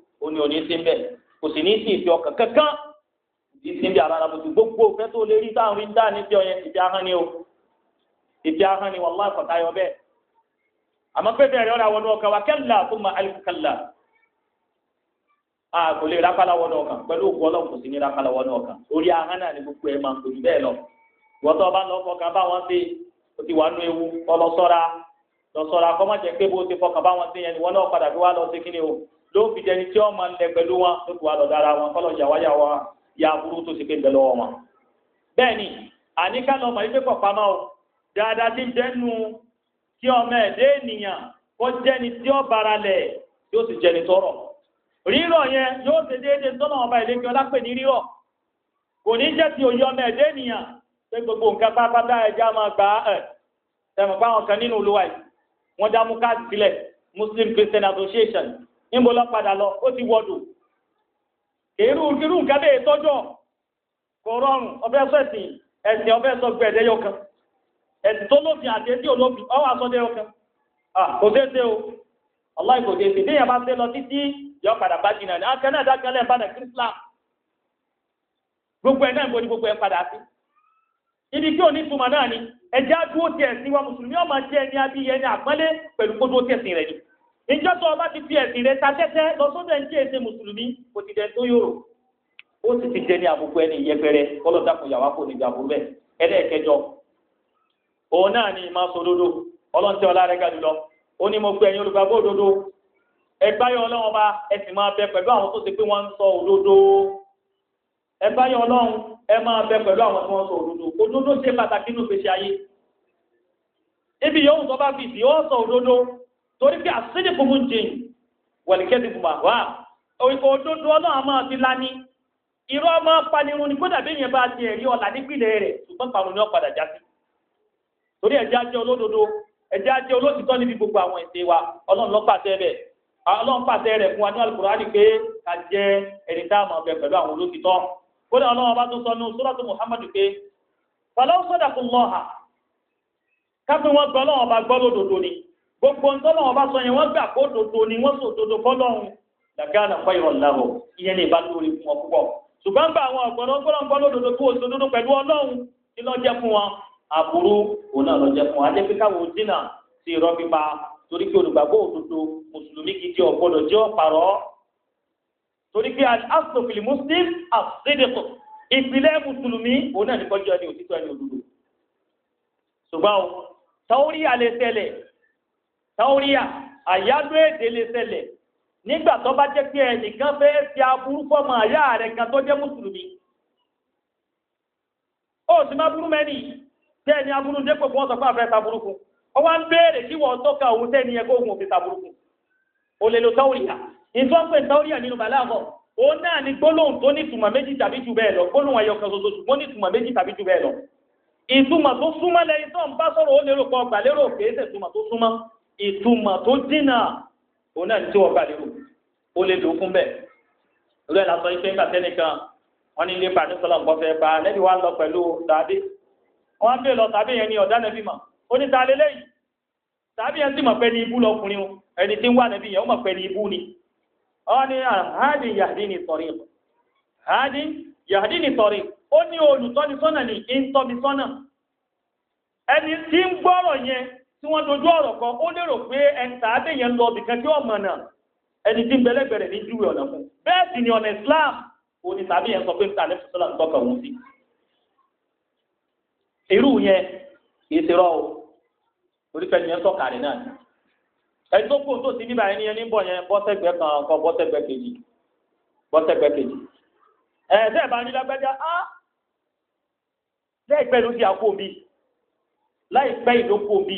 ó ní òní sí mbẹ kò sì ní sí ìfẹ́ ọkàn kankan ìdí sí mbẹ ara bòtú gbogbo òfẹ́ tó lè rí táwọn rí dáa níbi ọyẹn ìfẹ́ ahọ́n ni o ìfẹ́ ahọ́n ni wàllá àkọ́tà yọ bẹ́ẹ̀ àmọ́ pé bẹ́ẹ̀ rẹ̀ ọ̀rọ̀ àwọn ọkàn wa kẹ́là tó ma alikukala a kò lè rákàlà wọnú ọkàn pẹ̀lú òkú ọlọ́run kò sí ní rákàlà wọnú ọkàn orí ahọ́n náà ni gbogbo ẹ̀ máa ń kò jù bẹ́ẹ̀ lọ wọ́tọ́ bá lọ fọkàn bá wọn ṣe o ti wà nú ewu ọlọ́sọ́ra lọ́sọ́ra kọ́mọ̀jẹ̀ pé bó ti fọkàn bá wọn ṣe yẹn ni wọ́n náà padà fi wá lọ sí kíni o ló fi jẹni tí wọn máa ń lẹ pẹ̀lú wọn ló fi wà lọ dára wọn kọlọ yàwáyàwá ya burú tó ṣe pé ń bẹ lọ́wọ́ wọn. bẹ́ẹ̀ni àníká lọ mọ ipe pọ pamọ́ o dáadáa ti ń dẹnu tí ọmọ ẹdẹ ènìyàn kó jẹni tí ó bara lẹ yóò sì jẹni tọrọ rírọ̀ yẹn yóò ṣe déédéé tọ́nà ọba ìlẹ́kẹ́ ọlápè ní rírọ̀ kò ní jẹ́ ti òye ọmọ ẹ̀dẹ́ ènìyàn pé gbogbo nǹkan pápátá ẹja máa gbà ẹ̀ tẹ̀mọ̀ pa kan nínú olúwa yìí wọ́n dá mú káàdì sílẹ̀ Muslim Christian Association níbo lọ padà lọ ó ti wọdù kèrú kírú nǹkan bẹ́ẹ̀ tọ́jọ́ kò rọrùn ọbẹ̀ sọ ẹ̀sìn ẹ̀sìn ọbẹ̀ sọ gbẹ ẹ̀dẹ́yọ kan ẹ̀sìn tó lófin àti ẹ̀sìn olófin ọwọ́ àsọdẹ́yọ kan kò dé dé o ọláì kò dé sí déyàn bá dé lọ títí yọ padà bá jìnnà ní akẹ́ náà dákẹ́ lẹ́ẹ̀ padà kírísílám gbogbo ẹ̀ náà gbogbo gbogbo ẹ̀ padà sí ibi tí òní wa mùsùlùmí ọmọ tiẹ̀ ní abíyẹ ní àpọ́nlé pẹ̀lú kó dúró tiẹ̀ sí rẹ̀ ni níjọ́ tó ọba ti fi ẹ̀sìn rẹ ta tẹ́tẹ́ lọ sọ́dọ̀ ẹni tí èsè mùsùlùmí kò ti dẹ̀ tó yòrò ó sì ti jẹ ní àbùkù ẹni yẹpẹrẹ kọ́lọ̀ dàpọ̀ yàwá kò ní ìdààmú bẹ́ẹ̀ ẹlẹ́ẹ̀kẹjọ òun náà ni máa sọ òdodo ọlọ́ntẹ́ ọlá rẹ̀ ga jùlọ ó ní mo pe ẹ̀yin olùgbàgbọ́ òdodo ẹgbáyọ̀ ọlọ́run ọba ẹ sì máa bẹ pẹ̀lú àwọn tó ṣe pé wọ́n ń sọ òdodo ẹgbáyọ̀ ọlọ́run ẹ máa bẹ pẹ̀lú àwọn tó ń sọ òdodo òdodo ṣe pàtàkì nínú ìgbésí ayé ibi yòówù tó bá fi torí pé àṣírí fún un jìn wẹ̀lìkẹ́dì fún wa wá òdodo ọlọ́run máa ti lani irọ́ ọmọ panirun ni kódà bí yẹn bá ti ẹ̀rí ọ̀la nípìnlẹ̀ rẹ̀ ṣùgbọ́n parun ni ó padà já sí torí ẹ̀jẹ̀ ajé olódodo ẹ̀jẹ̀ ajé olótìtọ́ níbi gbogbo àwọn ẹ̀ṣẹ̀ wa ọlọ́run ló pàṣẹ bẹ̀ ọlọ́run pàṣẹ rẹ̀ fún wa ní Al-Qur'ani pé ká jẹ́ ẹni a mọ̀ bẹ pẹ̀lú àwọn olótìtọ́ kódà ọlọ́run bá tó gbọ́ lódodo ni gbogbo ń tọ́lọ̀ wọn bá sọ yẹn wọ́n gbà kó dodo ni wọ́n sọ dodo fọlọ́run làgàdà fọ ìrọ̀ làwọ̀ ìyẹn lè bá lórí fún wọn púpọ̀ ṣùgbọ́n gba àwọn ọ̀gbọ̀nà gbọ́dọ̀ lódodo kó o sọ dodo pẹ̀lú ọlọ́run tí lọ́ jẹ́ fún wọn àbúrú òun náà lọ́ jẹ́ fún wọn ajẹ́ pé káwọn dínà sí irọ́ pípa torí pé olùgbàgbọ́ òdodo mùsùlùmí gidi ọ̀gbọ́dọ̀ jẹ́ ọ̀pàrọ̀ torí pé asòfìlì muslim àṣídẹ̀kọ̀ ìpìlẹ̀ mùsùlùmí òun náà ní kọjá ní òtítọ́ ẹni òdodo ṣùgbọ́n táwọn àlẹ́ tẹ́lẹ̀ táwọ́ríyà àyálò èdè lè ṣẹlẹ̀ nígbà tó bá jẹ́ pé ẹnìkan fẹ́ fi aburú fọ́mọ àyá rẹ̀ kan tó jẹ́ mùsùlùmí ó sì má burú mẹ́ni tẹ́ ni aburú dépò fún ọ̀sọ̀ fún àfẹ́ taburúkú ó wá ń béèrè ni ẹgbẹ́ òun òfin ni gbólóhùn tó ní ìtumọ̀ méjì tàbí jù bẹ́ẹ̀ lọ gbólóhùn ẹyọ kan ṣoṣo ṣùgbọ́n ní ìtumọ̀ méjì tàbí jù bẹ́ẹ̀ lọ ìtumọ̀ tó súnmọ́ lẹ́yìn tó ń bá sọ̀rọ̀ ó lérò pọ̀ gbà lérò kéésẹ̀ ìtumọ̀ tó súnmọ́ ituma tó dínà O náà tí wọ́n gbà o. O lè lò fún bẹ́ẹ̀ lórí ẹ̀ lásán ife ńgbà tẹ́nìkan wọ́n ní ilé pa sọ́lá bá lọ pẹ̀lú tàbí wọ́n á bèè lọ tàbí yẹn ní ọ̀dá nẹ́bí mọ̀ ní ta tàbí yẹn sì mọ̀ pé ní ibú lọkùnrin o ẹni tí ń ni ní ni ni ó ní olùtọ́ni ni sọ́nà ẹni tí ń gbọ́rọ̀ yẹn tí wọ́n dojú ọ̀rọ̀ kan ó lérò pé ẹni tàádé yẹn lọ bìkan tí ọmọ náà ẹni tí ń ní júwe ọ̀nà fún bẹ́ẹ̀ sì ni ọ̀nà Islam òun ni tàbí yẹn sọ pé tàbí sọ́lá ń tọ́ka òun sí. irú yẹn kì í ṣe rọ́ o oríkẹ́ yẹn tọ́ka rẹ̀ náà ẹni tó kó tó ti bíbá ẹni yẹn ní bọ̀ yẹn bọ́sẹ̀gbẹ́ kan kan bọ́sẹ̀gbẹ́ kejì bọ́sẹ̀gbẹ́ kejì ẹ̀ tẹ́ bá ní lágbájá á lẹ́ẹ̀pẹ́ ló ti àkó mi láìpẹ́ ìdókòó mi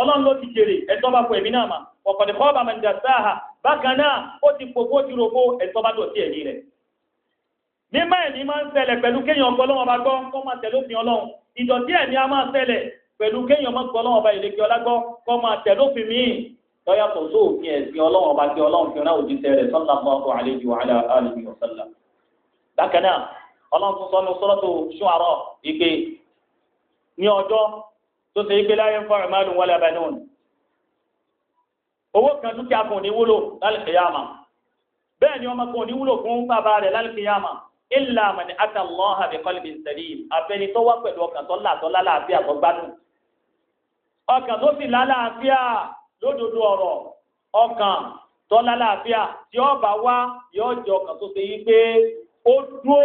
ọlọ́run ló ti jèrè ẹ̀tọ́ bá fọ ẹ̀mí náà mà ọ̀kọ̀dé kọ́ bá máa ń dàsá ha bákan náà ó ti fòfó ti rògbò ẹ̀tọ́ bá dọ̀tí ẹ̀mí rẹ̀. mímọ́ ẹ̀mí máa ń ṣẹlẹ̀ pẹ̀lú kéèyàn gbọ́ lọ́wọ́ bá gbọ́ kó máa tẹ̀lé òfin ọlọ́run ìdọ̀tí ẹ̀mí á máa ṣẹlẹ̀ pẹ̀lú kéèyàn máa alayhi wa ala alihi wa sallam. bákan náà ọlọ́run tún sọ ní sọ́lọ́tò ṣùwárọ̀ ìpè tó ṣe pé láyé ń fọ àmàlù wọlé abẹnú ni owó kan dúkìá kan ò ní wúlò lálùkìyàmà bẹ́ẹ̀ ni ọmọ kan ò ní wúlò fún bàbá rẹ̀ lálùkìyàmà ilà àmàlẹ àtàlọ́hà bí kọ́lìbì sẹ́lìm abẹ́ni tó wá pẹ̀lú ọkàn tó láàtọ́ lálàáfíà tó gbádùn ọkàn tó sì lálàáfíà lódodo ọ̀rọ̀ ọkàn tó lálàáfíà tí ó bá wá yóò jẹ ọkàn tó ṣe yí pé ó dúró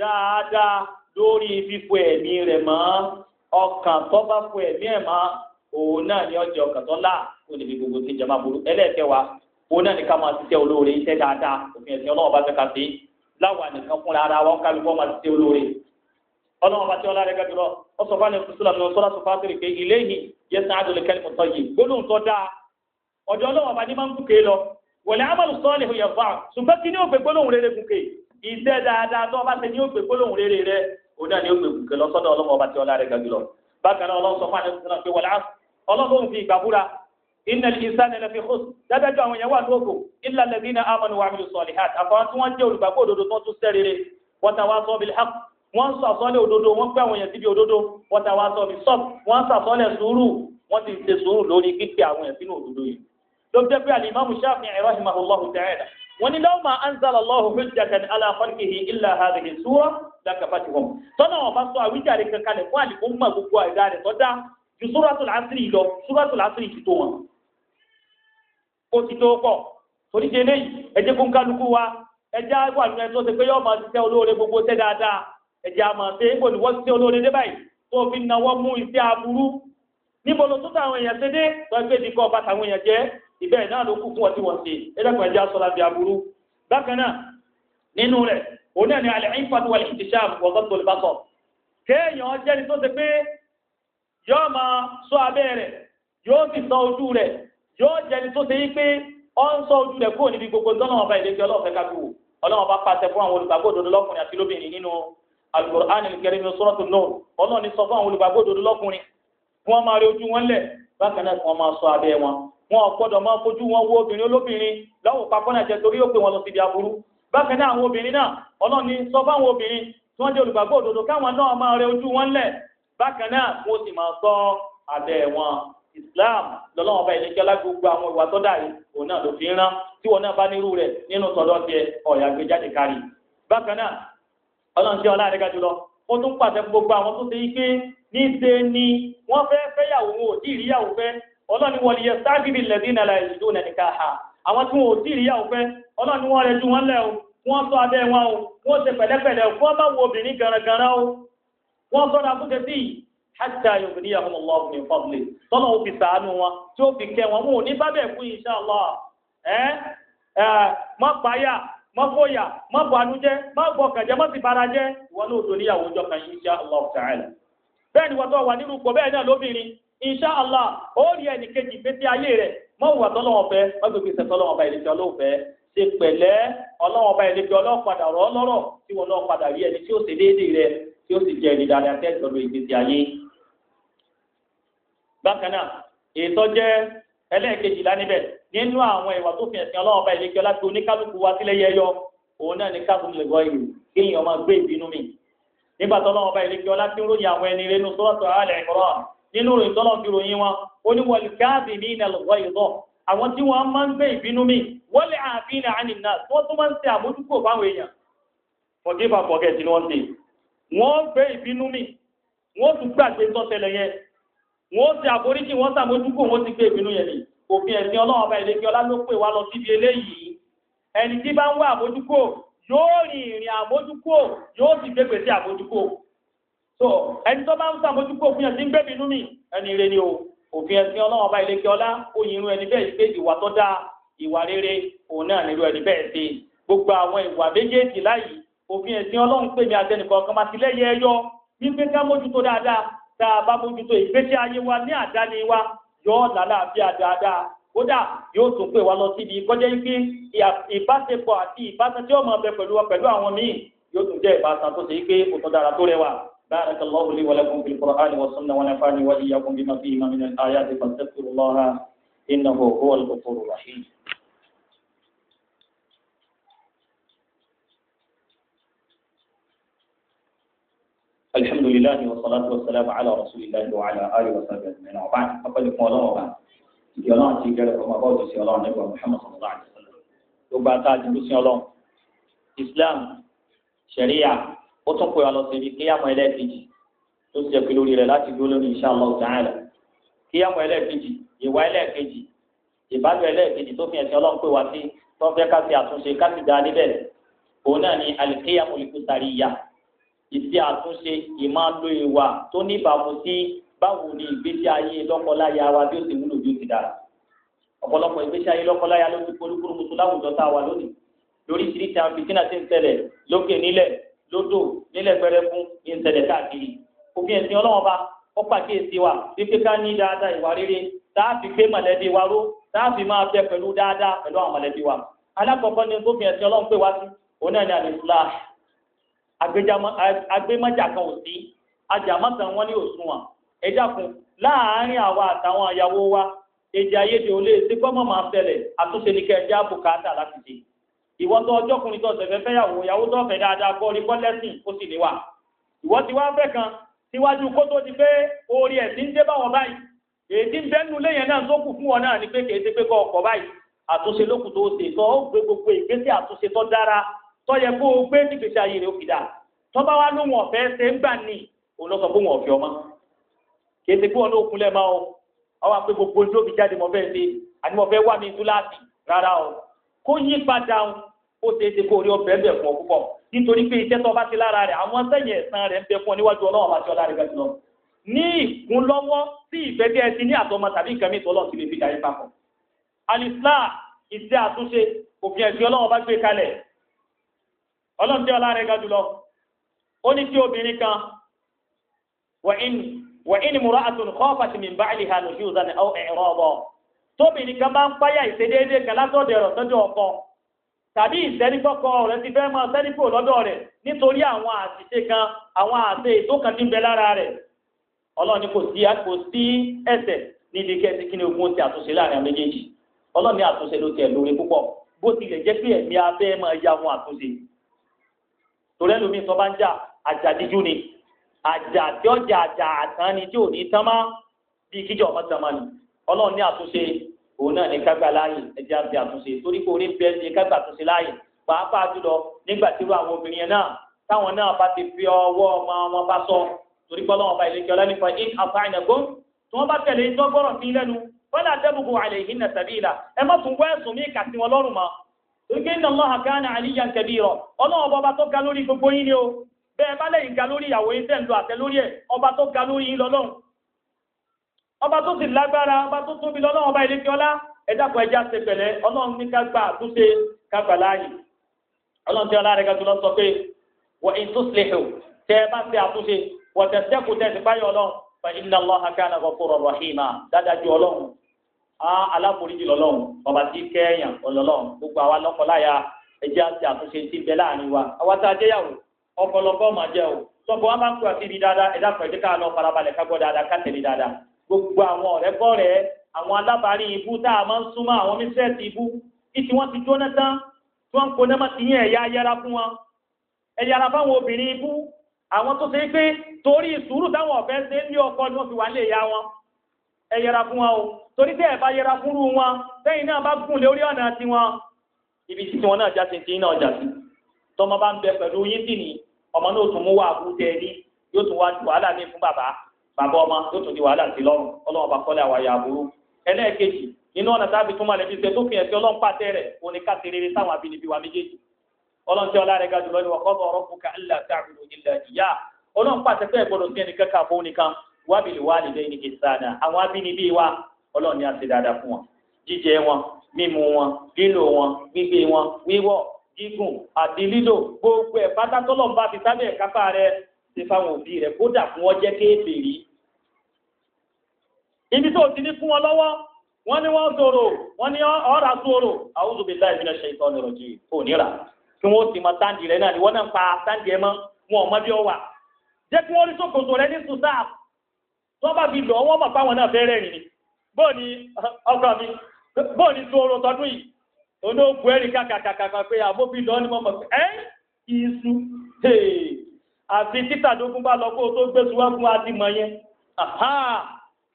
dáadáa lórí fífo ẹ̀mí rẹ̀ mọ́ ọkàn tó bá ma ẹ̀mí ẹ̀ máa òun náà ni ọjọ́ ọkàn tó là kó lè gbogbo ti jama burú ẹlẹ́ẹ̀kẹwàá òun náà ni ká máa ṣiṣẹ́ olóore iṣẹ́ dáadáa òfin ẹ̀sìn ọlọ́run bá fẹ́ ká lawa láwa nìkan fúnra ara wa ká lùkọ́ máa ṣiṣẹ́ olóore ọlọ́run bá tí ọlá rẹ̀ gẹ́gẹ́ lọ ó sọ fún pé ilé yìí yẹ òun náà ni ó gbègbè lọ́sọ́dọ̀ ọlọ́mọ ọba tí ọlá rẹ̀ ga jùlọ bákan náà ọlọ́sọ fún àdéhùn náà pé wọ́n láàfù ọlọ́sọ̀rọ̀ fi ìgbà búra iná ìsáni lẹ́fi hùs dájájọ́ àwọn èèyàn wà ní òkò ilà lẹ́bí iná amọ̀nù wàmí sọ̀lì hàt àfọwọ́n tí wọ́n jẹ́ olùgbàgbọ́ òdodo tó tún sẹ́ wọ́n ta wá sọ bí hàp wọ́n sọ àsọ́lẹ̀ òdodo wọ́n pẹ́ àwọn èèyàn síbi òdodo wọ́n ta wá sọ bí sọ́p wọ́n sọ àsọ́lẹ̀ sùúrù wọ́n ti ṣe sùúrù lórí gbígbé àwọn èèyàn sínú òdodo yìí ló jẹ́ alimami Shafi'i rahimahullahu ta'ala wọ́n ní law ma anzala Allahu hujjatan ala khalqihi illa hadhihi sura lakafatuhum tọ́nà wọn bá sọ àwíjàre kankan lẹ̀ fún àlìkún mọ̀ gbogbo àìdá rẹ̀ tọ́ dá ju suratul asri lọ suratul asri ti tó wọn. ó ti tó pọ̀ torí ṣe eléyìí ẹjẹ́ kó kálukú wa ẹjẹ́ àwọn àlùmọ́ ẹ̀ ṣe pé yọ́ọ́ máa ṣiṣẹ́ olóore gbogbo ṣẹ́ dáadáa ẹjẹ́ a ṣe é wọ́n ṣiṣẹ́ olóore dé báyìí tó fi nawọ́ mú iṣẹ́ aburú níbo lo tó ìbẹ̀ náà ló kú fún ọtí wọ́n sí ẹlẹ́kùn ẹ̀jẹ̀ aṣọ láti aburú bákan náà nínú rẹ̀ òun náà ni alẹ́ ìfàdù wà lẹ́yìn tíṣà wọ́n tó lè bá sọ. kéèyàn jẹ́ni tó ṣe pé yóò máa sọ abẹ́ rẹ̀ yóò sì sọ ojú rẹ̀ yóò jẹ́ni tó ṣe yí pé ó ń sọ ojú rẹ̀ kúrò níbi gbogbo tọ́lọ́mọba ìlẹ́kẹ́ ọlọ́ọ̀fẹ́ kábíwò ọlọ́mọba máa sọ abẹ́ wọn wọn ò gbọdọ̀ máa fojú wọn wo obìnrin olóbìnrin lọ́wọ́ papọ̀ náà jẹ torí ó pè wọn lọ síbi aburú bákan náà àwọn obìnrin náà ọlọ́ni sọ fáwọn obìnrin tí wọ́n jẹ́ olùgbàgbọ́ òdodo káwọn náà máa rẹ ojú wọn lẹ̀ bákan náà wọn sì máa sọ abẹ́ wọn Islam lọ́lọ́wọ́n ọba ìlẹ́jọ́ lágbègbè àwọn ìwà tọ́dà yìí òun náà ló fi ń rán tí wọn náà bá nírú rẹ̀ nínú tọ̀dọ̀ tiẹ̀ ọ̀yà gbé jáde kárí bákan náà ọlọ́run tí ọlá rẹ̀ jùlọ ó tún pàṣẹ gbogbo àwọn tó ṣe yí pé níṣe ni wọ́n fẹ́ fẹ́yàwó wọn ò tí ì ríyàwó fẹ́ ọlọ́ni wọ́n yẹ sáàbìbì lẹ́dínà láìsìdó nẹ̀nìká ha àwọn tí wọ́n ò tí ìyá òfẹ́ ọlọ́ni wọ́n rẹ̀ ju wọ́n o wọ́n sọ abẹ́ wọn o wọ́n ṣe pẹ̀lẹ́pẹ̀lẹ́ o wọ́n bá wo obìnrin garangaran o wọ́n sọ́ra fúnṣe sí hàtà yorùbá obiri fún ọlọ́run ní fọ́ọ̀lì tọ́lọ́ insha allah ó rí ẹnì kejì ìgbésí ayé rẹ̀ mọ́ wà tọ́lọ́wọ́n fẹ́ má gbé gbèsè tọ́lọ́wọ́n bá ìlẹ́jọ́ lóòfẹ́ ṣe pẹ̀lẹ́ ọlọ́wọ́n bá ìlẹ́jọ́ ọlọ́padà rọ́ lọ́rọ̀ tí wọn náà padà rí ẹni tí ó ṣe déédéé rẹ̀ tí ó sì jẹ́ ẹni dáadáa tẹ́ ìtọ́jú ìgbésí ayé. bákan náà ètò jẹ́ ẹlẹ́ẹ̀kejìlá níbẹ̀ nínú àwọn ìwà tó fi ẹ̀sìn ọlọ́wọ́n bá ìlẹ́jọ́ láti oníkálukú wa sílẹ̀ yẹyọ òun náà ní káàbù lẹ́gọ́ yìí kéèyàn máa gbé ìbínú mi nígbà tó lọ́wọ́ ìlẹ́jọ́ láti ń ròyìn àwọn ẹni rẹ̀ nù sọ́ọ̀tọ̀ Al-Imran nínú rẹ̀ tọ́lọ̀ fi ròyìn wọn ó ní wọ́n káàbì ní ilẹ̀ lọ́wọ́ ìlọ́ àwọn tí wọ́n máa ń gbé ìbínú mi wọ́n lè àfin ilẹ̀ àní náà tí wọ́n tún máa ń ṣe àmójúkò fáwọn èèyàn forgive and forget ni wọ́n ṣe wọ́n gbé ìbínú mi wọ́n tún gbàgbé tọ́tẹ̀lẹ̀ yẹn wọ́n ṣe àforíjì wọ́n ṣàmójúkò wọ́n ti gbé ìbínú yẹn ni òfin ẹ̀sìn ọlọ́run ọba ìlẹ́kẹ́ ọlá ló pè wá lọ síbi eléyìí ẹni tí bá ń wá àmójúkò yóò rìn ìrìn àmójúkò yóò sì gbégbèsè àmójúkò so ẹni tó bá ń sàmójúkú òfin ẹ̀sìn gbẹ̀bí inú mi ẹni rẹ ni o òfin ẹ̀sìn ọlọ́wọ́n bá ilé kí ọlá ó yin irú ẹni bẹ́ẹ̀ pé ìwà tó dáa ìwà rere òun náà nílò ẹni bẹ́ẹ̀ ṣe gbogbo àwọn ìwà méjèèjì láyìí òfin ẹ̀sìn ọlọ́run pè mí àtẹnìkan kan máa ti lẹ́yẹ ẹyọ wípé ká mójútó dáadáa tá a bá mójútó ìgbésí ayé wa ní àdáni wa yọ ọ́ lálàáfíà dáadáa kódà yóò tún pè wá lọ síbi kọjá yìí pé ìbáṣepọ̀ àti ìbátan tí ó máa bẹ pẹ̀lú àwọn míì yóò tún jẹ́ ìbátan tó ṣe é pé òtún dára tó rẹwà بارك الله لي ولكم في القرآن والسنة ونفعني وإياكم بما فيهما من الآيات فاستغفروا الله إنه هو الغفور الرحيم الحمد لله والصلاة والسلام على رسول الله وعلى آله وصحبه أجمعين وبعد أقول لكم الله وبعد يلا أنتي قال لكم أقول سي الله نبي محمد صلى الله عليه وسلم وبعد تاج بسي الله إسلام شريعة ó tún pè wá lọ síbi kíyàmọ̀ ẹlẹ́ẹ̀kejì tó ti jẹ́ pé lórí rẹ̀ láti dúró lórí insha Allah ta'ala kíyàmọ̀ ẹlẹ́ẹ̀kejì ìwà ẹlẹ́ẹ̀kejì ìbálò ẹlẹ́ẹ̀kejì tó fi ẹ̀sìn ọlọ́run pè wá sí tó fẹ́ ká ti àtúnṣe ká ti dáa òun náà ni al-qiyamul kusariyya ìṣe àtúnṣe ìmáàlò ìwà tó níbàámu sí báwo ni ìgbésí ayé lọ́kọláya wa bí ó ti wúlò bí ó ti dára ọ̀pọ̀lọpọ̀ ìgbésí ayé lọ́kọláya ló ti polúkúrú musu láwùjọ tá a wà lónìí lórí àwọn fìtínà ti ń ṣẹlẹ̀ lókè nílẹ̀ lódò nílẹ̀ pẹrẹfún ìṣẹ̀lẹ̀ káàkiri òfin ẹ̀sìn ọlọ́wọ́n bá ó pàkíyèsí wa wípé ká ní dáadáa ìwà rere táàfin gbé mọ̀lẹ́bí wa ró táàfin máa fẹ́ pẹ̀lú dáadáa pẹ̀lú àwọn mọ̀lẹ́bí wa alákọ̀ọ́kọ́ ni ẹ̀sìn pè wá sí òun náà kan ò sí ní òṣùwọ̀n wa ò ìwọ tó ọjọ́ kùnrin tó ṣẹ̀fẹ̀ fẹ́yàwó ìyàwó tó fẹ́ dáadáa kọ́ orí kọ́lẹ́sìn ó sì lè wà ìwọ ti wá fẹ́ kan síwájú kó tó di pé orí ẹ̀sìn ń dé báwọn báyìí èdè ń bẹ́nu léyìn náà tó kù fún ọ náà ni pé kèé ṣe pé kọ́ ọkọ̀ báyìí àtúnṣe lókùn tó ṣe tó ó gbé gbogbo ìgbésẹ̀ àtúnṣe tó dára tó yẹ kó o gbé nígbèsè ayé rẹ̀ ó fi dà tó bá wá lóhun ọ̀fẹ́ ṣe ń gbà ní òun lọ kó yí padà ó ṣe é ṣe kó rí ọbẹ̀ bẹ̀ fún ọ púpọ̀ nítorí pé iṣẹ́ tó bá ti lára rẹ̀ àwọn sẹ́yìn ẹ̀sán rẹ̀ ń bẹ fún níwájú ọlọ́run àti ọlá rẹ̀ gàdúrà ní ìkúnlọ́wọ́ sí ìfẹ́ bí ẹ ti ní àtọmọ tàbí nǹkan mi tọ́lọ́ sí lè fi dàrí papọ̀. alislam ìṣe àtúnṣe òfin ẹ̀sìn ọlọ́run bá gbé kalẹ̀ ọlọ́run tí ọlá rẹ̀ ga jùlọ ó ní tí obìnrin kan wà ní mùrọ̀ àtúnkọ́ fàtìmí báyìí hàn lóṣù zani ẹ̀rọ ọ̀bọ̀ tóbìnrin kan bá ń páyà ìṣedéédé kan látọ̀dọ̀ ẹ̀rọ ọkọ tàbí ìsẹ́nifọ́kọ rẹ̀ ti fẹ́ máa sẹ́nifò lọ́dọ̀ rẹ̀ nítorí àwọn àṣìṣe kan àwọn àṣe ètò kan ti bẹ lára rẹ̀ kò sí ẹsẹ̀ níbi kẹ́sì kí ni ogun ti àtúnṣe láàrin méjèèjì ọlọ́run àtúnṣe ló tiẹ̀ púpọ̀ bó tilẹ̀ jẹ́ pé ẹ̀mí abẹ́ ya àwọn àtúnṣe bá ń jà àjà tí ni tí ọlọ́run ní àtúnṣe òun náà ní kágbà láàyè ẹjẹ́ àti àtúnṣe torí pé orí bẹ́ẹ̀ ní kágbà àtúnṣe láàyè pàápàá jùlọ nígbà tí irú àwọn obìnrin yẹn náà táwọn náà bá ti fi ọwọ́ ọmọ wọn bá sọ torí pé ọlọ́run ọba ìlẹ́kẹ́ ọlá nípa in àfàìnàgó tí wọ́n bá tẹ̀lé dọ́gbọ́rọ̀ sí lẹ́nu fọ́lá àdẹ́bùkù àlẹ́ ìhìn nà tàbí ìlà ẹ má tún wọ́ ẹ̀sùn mí kà sí wọn lọ́rùn mọ́ torí pé iná ọlọ́run ọba ọba tó sì lágbára ọba tó tóbi lọ́lọ́run ọba ilé fiọ́lá ẹ̀dàpọ̀ ẹja ṣe pẹ̀lẹ́ ọlọ́run ní ká gba àtúnṣe ká gbà láàyè ọlọ́run tí ọlá rẹ̀ gàdúrà sọ pé wọ́n in tó ṣe hù tẹ́ ẹ bá ṣe àtúnṣe wọ́n tẹ̀ ṣẹ́kù tẹ̀ sí páyọ̀ ọlọ́run fa inna Allaha kana ghafurur rahima dájú ọlọ́run aláforíjì lọ́lọ́run ọba tí kẹ́ẹ̀yàn ọlọ́run gbogbo àwọn ọ̀rẹ́kọ̀rẹ́ àwọn alábàárí ibú tá a máa ń súnmọ́ àwọn mísẹ́ẹ̀tì ibú kí tí wọ́n ti jóná tán tí wọ́n ń koná mọ́ ti yín ẹ̀yà ayára fún wọn ẹ̀yà ara fáwọn obìnrin ibú àwọn tó ṣe pé torí sùúrù táwọn ọ̀fẹ́ ṣe ní ọkọ ni wọ́n fi wà lè ya wọn ẹ o torí tẹ́ ẹ̀ bá yẹra fúnrú wọn lẹ́yìn náà bá gùn lórí ọ̀nà tiwọn ibi tí tiwọn náà jáde tí náà jáde tọmọ bá ń bẹ pẹ̀lú yín tì ní ọmọ náà tún mú wà bú tẹ ní yóò tún wá bàbá ọmọ yóò tún di wàhálà sí lọ́rùn ọlọ́run bá kọ́lé àwàyà àbúrò ẹlẹ́ẹ̀kejì nínú ọ̀nà tábí túmọ̀ lẹ́bi ṣe tó fi hàn sí ọlọ́run pàtẹ́ rẹ̀ òun ni ká ṣe rere sáwọn abínibí wa méjèèjì ọlọ́run tí ọlá rẹ̀ ga jùlọ ni wọ́n kọ́kọ́ ọ̀rọ̀ fún kàlá ta'budu illa iyyah ọlọ́run pàtẹ́ pé ẹ̀gbọ́dọ̀ sí ẹnìkan kà fún nìkan wa bil walidayni ihsana àwọn abínibí wa ọlọ́run ni a ṣe dáadáa fún wọn jíjẹ wọn mímu wọn lílo wọn gbígbé wọn wíwọ̀ gígùn àti lílo gbogbo ẹ̀ pátá bá fi sábẹ́ kápá rẹ̀ ṣe fáwọn òbí rẹ̀ kódà fún wọn jẹ́ kéèbèrè ibi tó ti ní fún wọn lọ́wọ́ wọ́n ní wọ́n sọ̀rọ̀ wọ́n ní ọ̀rà sọ̀rọ̀ a'udhu billahi minash kí wọ́n ti mọ rẹ náà ni wọ́n náà pa ẹ mọ́ wọn ò bí ọ wà jẹ́ kí wọ́n rí rẹ ní tó bá fi lọ wọ́n mọ̀ náà ọkọ mi kàkàkàkà pé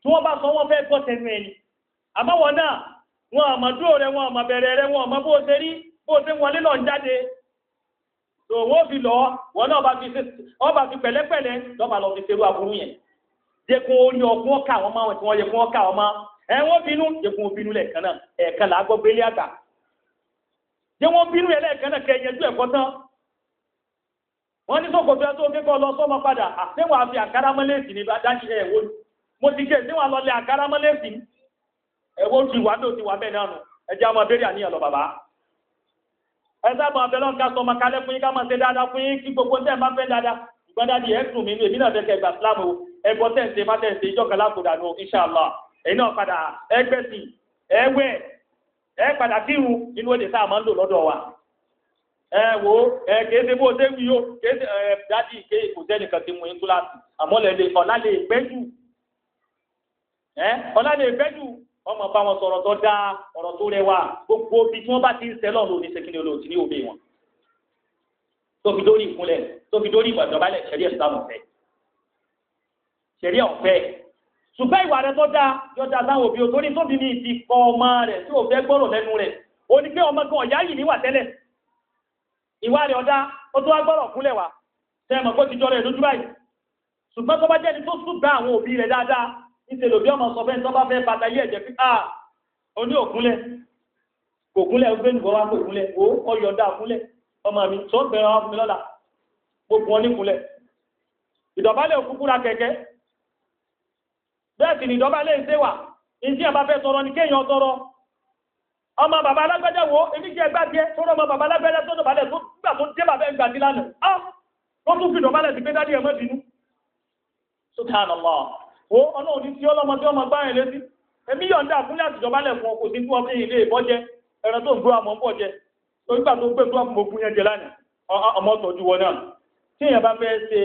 tí wọ́n bá sọ wọ́n fẹ́ gbọ́ tẹnu ẹni àmọ́wọ̀n náà wọn àmọ́ dúró rẹ wọn àmọ́ bẹ̀rẹ̀ rẹ wọn àmọ́ bó ṣe rí bó ṣe wọlé lọ ń jáde tó wọ́n fi lọ wọn náà bá fi pẹ̀lẹ́pẹ̀lẹ́ lọ́ba lọ fi ṣerú aburú yẹn jẹ́kun orí ọkùn ọ̀ka wọn máa wọn tí wọ́n yẹ kún ọ̀ka wọn máa ẹ wọ́n bínú jẹ́kun bínú lẹ́ẹ̀kan náà ẹ̀ẹ̀kan là á gbọ́ gbélé àgbà jẹ́ wọ́n bínú yẹn lẹ́ẹ̀kan náà kẹ́ ẹ̀yẹ́jú ẹ̀kọ́ tán wọ́n ní sọ́kòtò ẹ̀ tó kékọ́ lọ sọ́mọ padà àtẹ́wọ̀n àfi àkàràmọ́lẹ́sì ní bá dájú ẹ̀ wọ́n mo ti jẹ́ ìdíwọ̀n lọlé àkàrà mọ́lẹ́sì ẹ̀wọ́ ti wà ní òtí wà bẹ́ẹ̀ náà nù ẹ̀jẹ̀ ọmọ abẹ́rẹ́ àníyàn lọ bàbá. ẹ sábà abẹ́rẹ́ ọ̀gá sọ ọmọ kalẹ́ fún yín ká máa ṣe dáadáa fún yín kí gbogbo tẹ́ ẹ bá fẹ́ dáadáa ìgbọ́n dáadé ẹ̀ dùn mí èmi náà fẹ́kẹ̀ gbà sílámù o ẹ̀bọ tẹ̀sẹ̀ má tẹ̀sẹ̀ ìjọkàn lápòdà nù inṣàlá ẹ̀yin náà padà ẹgbẹ́sì ẹwẹ́ ẹ padà kírun inú èdè a máa ń lò lọ́dọ̀ wa ẹ wo ẹ kìí ṣe bó ṣe wí o kìí ṣe ẹ dádì kìí kò sẹ́nìkan ti mú in kíláàsì àmọ́ lẹ́lẹ́ ọ̀la lè ẹ ọlá lè fẹ́ jù ọmọ bá wọn sọ̀rọ̀ tó dáa ọ̀rọ̀ tó rẹwà gbogbo ibi tí wọ́n bá ti ń sẹ́lọ̀ lóní sekínì olóòtú ní òbí wọn tó fi dórí ìkúnlẹ̀ tó fi dórí ìgbàdọ̀bálẹ̀ ṣẹ̀rí ẹ̀sán ọ̀fẹ́ ṣẹ̀rí ọ̀fẹ́ ṣùgbọ́n ìwà rẹ tó dáa yóò dáa sáwọn òbí òtórí tó bí mi ti kọ ọmọ rẹ̀ tí ò fẹ́ gbọ́rọ̀ lẹ́nu rẹ̀ ó ní pé ọmọ gan ọ̀yá yìí níwà tẹ́lẹ̀ ìwà rẹ̀ ọ̀dá ó tó wá gbọ́rọ̀ kúnlẹ̀ wá tẹ́ mọ̀ pé ó ti jọ rẹ̀ lójú báyìí ṣùgbọ́n tó bá jẹ́ni tó sùn àwọn òbí rẹ̀ dáadáa níṣẹ́ lòbí ọmọ sọ fẹ́ tó bá fẹ́ bàtà yé ẹ̀jẹ̀ pé ah oní òkúnlẹ̀ kò kúnlẹ̀ ó fẹ́ nìkan wá pé kúnlẹ̀ ó ọyọ̀dá kúnlẹ̀ ọmọ mi tó bẹ̀rẹ̀ wọn fún mi lọ́la gbogbo wọn ní kúnlẹ̀ ìdọ̀bálẹ̀ òkúkúra kẹ̀kẹ́ bẹ́ẹ̀ sì ni ìdọ̀bálẹ̀ ń séwà ìdí ẹ̀ bá fẹ́ tọrọ ní kéèyàn tọrọ ọmọ bàbá alágbẹ́dẹ́ wo èmi jẹ́ ẹgbẹ́ tiẹ̀ tọrọ ọmọ bàbá alágbẹ́dẹ́ tó dọ̀bálẹ̀ tó gbà tó dé bàbá ẹgbàdí lánàá ó ah! tún fi ìdọ̀bálẹ̀ sí pé dádì ẹ̀ mọ́ bínú Subhanallah ó ọlọ́run ní tí ọlọ́mọ tí ọmọ gbáyìn létí èmi yọ̀ǹda àkúnlẹ̀ àtìjọba lẹ̀kùn kò sí fún ọkẹ́ ilé ìbọ́jẹ ẹran tó ń gbúra mọ́ ń bọ̀ jẹ torí gbà tó gbé tó ọkùnrin ogun yẹn jẹ lánàá ọmọ tọ́jú wọn náà tí èèyàn bá fẹ́ ṣe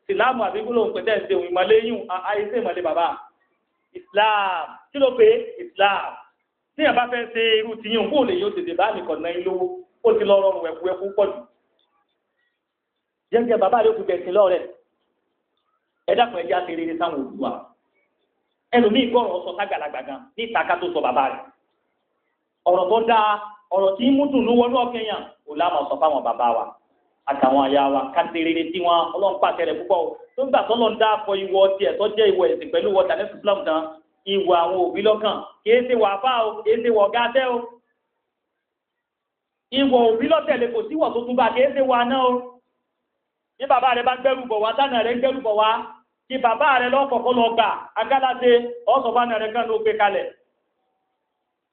ìsìláàmù àbí gbólóhùn pẹ̀tẹ́ ṣe òun ìmọ̀lẹ́ yún àìsí ìmọ̀lẹ́ bàbá islam kí ló pé islam tí èèyàn bá fẹ́ ṣe irú ti yún kó lè yóò tètè bá nìkan náà lówó ó ti lọ rọrùn wẹ̀kúwẹ̀kú pọ̀ jù jẹ́jẹ́ bàbá rẹ̀ kù bẹ̀sìn lọ́rẹ̀ẹ́ ẹ dákun ẹjẹ àti rere sáwọn òbí wa ẹlòmíì gbọ́rọ̀ ọsọ ságbàlagbà gan níta ká tó sọ bàbá rẹ̀ ọ̀rọ̀ tó dáa ọ̀rọ̀ tí mú dùn lówó lọ́ọ́ kẹyàn kò láàmú sọ fáwọn bàbá wa àtàwọn àyà wa káti rere tí wọn ọlọ́run pàṣẹ rẹ̀ púpọ̀ tó ń gbà tó lọ́n dá fọ ìwọ tiẹ̀ tó jẹ́ ìwọ ẹ̀sìn pẹ̀lú wọ tàlẹ́sì fúlàmù tán ìwọ àwọn òbí lọ́kàn kìí ṣe wà fáà o kìí ṣe wọ̀ gáàtẹ́ o ìwọ òbí lọ́tẹ̀lé kò síwọ̀ tó tún bá kìí wà náà o bí bàbá rẹ bá ń gbẹrù bọ̀ wá tánà rẹ ń gbẹrù bọ̀ wá ti bàbá rẹ̀ lọ́kọ̀ọ́kọ́ lọ gbà agáláṣe ọ̀sọ̀bánà rẹ̀ kan ló gbé kalẹ̀